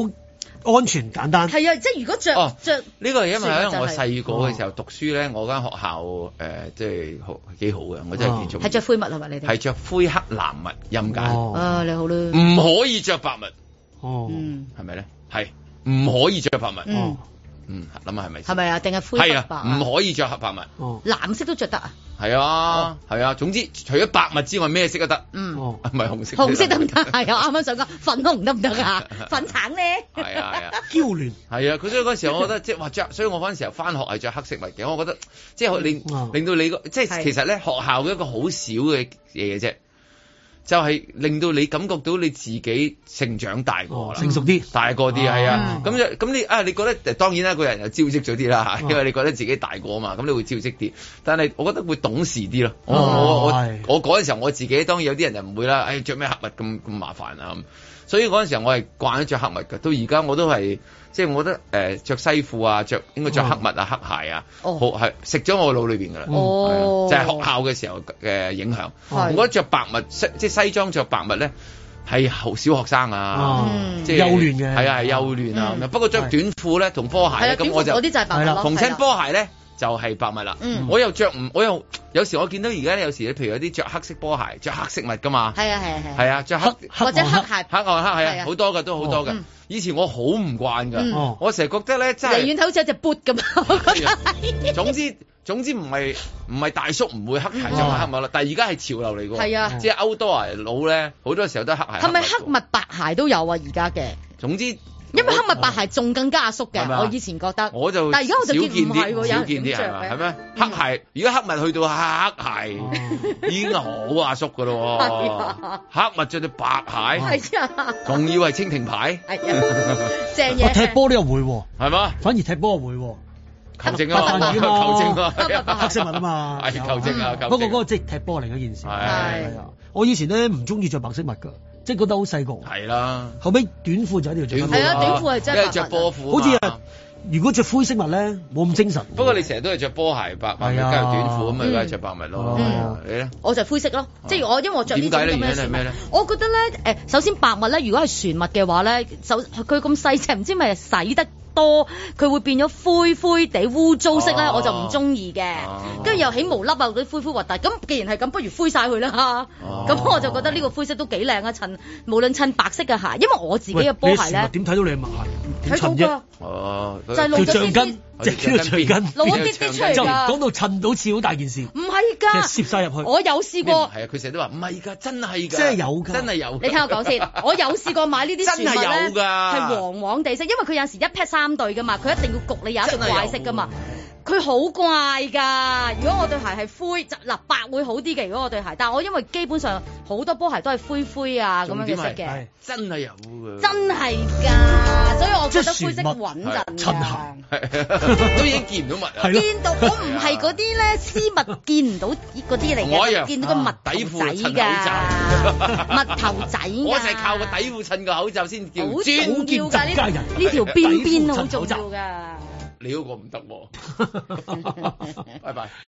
好安全簡單。係啊，即係如果着着呢個係因為咧，我細個嘅時候讀書咧，我間學校誒，即係好幾好嘅，我真係見做。係着灰色襪係咪？你哋係着灰黑藍襪任揀。哦，你好啦，唔可以着白襪。哦，嗯，係咪咧？係唔可以着白襪？嗯，嗯，諗下係咪？係咪啊？定係灰白？係啊，唔可以着黑白襪。哦，藍色都着得啊？係啊，係啊。總之除咗白襪之外，咩色都得。嗯，唔係紅色。紅色得唔得？係啊，啱啱想講，粉紅得唔得啊？粉橙咧？係啊係啊。嬌嫩。係啊，佢所以嗰時候我覺得即係哇着，所以我嗰陣時候翻學係着黑色襪嘅。我覺得即係令令到你個即係其實咧學校嘅一個好少嘅嘢嘅啫。就係令到你感覺到你自己成長大個啦，哦，成熟啲，大個啲，係啊，咁就咁你啊，你覺得當然啦，個人又招積咗啲啦，哇因為你覺得自己大個嘛，咁你會招積啲，但係我覺得會懂事啲咯，哦，我我、哎、我嗰陣時候我自己當然有啲人就唔會啦，唉著咩黑襪咁咁麻煩啊咁。所以嗰陣時候我係慣咗着黑襪嘅，到而家我都係，即係我覺得誒著西褲啊，著應該着黑襪啊、黑鞋啊，好係食咗我腦裏邊噶啦，就係學校嘅時候嘅影響。我覺得着白襪即係西裝着白襪咧，係好小學生啊，即係幼嫩嘅，係啊係幼嫩啊。不過着短褲咧同波鞋咧，咁我就啲就係白襪襯波鞋咧。就係白襪啦，我又着唔，我又有時我見到而家有時，譬如有啲着黑色波鞋，着黑色襪噶嘛，係啊係啊係，係啊著黑或者黑鞋，黑外黑係啊，好多噶都好多噶。以前我好唔慣噶，我成日覺得咧真係遠睇好似一隻缽咁。總之總之唔係唔係大叔唔會黑鞋就係黑襪啦，係咪咯？但而家係潮流嚟噶，係啊，即係歐多鞋佬咧，好多時候都黑鞋。係咪黑襪白鞋都有啊？而家嘅總之。因為黑襪白鞋仲更加阿叔嘅，我以前覺得，但係而家我就少見啲，少見啲係咪？黑鞋，而家黑襪去到黑鞋已經好阿叔嘅咯喎，黑襪着對白鞋，仲以為係蜻蜓牌，正嘢。我踢波呢又會喎，係嘛？反而踢波又會喎，球證啊嘛，球證啊，黑色襪啊嘛，係球證啊，不過嗰個即係踢波嚟嗰件事，我以前咧唔中意着白色襪㗎。即係覺得好細個，係啦。後尾短褲就一條短褲，係啊，短褲係真係。你著波褲，好似係。如果着灰色襪咧，冇咁精神。不過你成日都係着波鞋白，白襪加條短褲咁咪梗係，着白襪咯。你咧？我就灰色咯，即係我因為我着。點解咧？因為咩咧？我覺得咧，誒，首先白襪咧，如果係船襪嘅話咧，就佢咁細隻，唔知咪洗得。多佢會變咗灰灰地污糟色咧，啊、我就唔中意嘅。跟住、啊、又起毛粒啊，嗰啲灰灰核突。咁既然係咁，不如灰晒佢啦。咁、啊、我就覺得呢個灰色都幾靚啊，襯無論襯白色嘅鞋，因為我自己嘅波鞋咧，點睇到你買？睇到㗎，啊、就係露咗橡筋。即係叫佢隨根攞啲啲出嚟㗎，講到襯到似好大件事。唔係㗎，攝曬入去。我有試過。係啊，佢成日都話唔係㗎，真係㗎。真係有㗎，真係有㗎。你聽我講先， 我有試過買呢啲樹木真係有咧，係黃黃地色，因為佢有陣時一劈三對㗎嘛，佢一定要焗你有一隻怪色㗎嘛。佢好怪噶，如果我對鞋係灰，就嗱白會好啲嘅。如果我對鞋，但係我因為基本上好多波鞋都係灰灰啊咁樣嘅色嘅，真係有嘅，真係噶，所以我覺得灰色穩陣噶。都已經見唔到襪，見到我唔係嗰啲咧，絲襪見唔到嗰啲嚟嘅，見到個襪頭仔噶，襪頭仔。我係靠個底褲襯個口罩先叫，好重要噶。但係呢條邊邊好重要噶。你嗰個唔得，拜拜。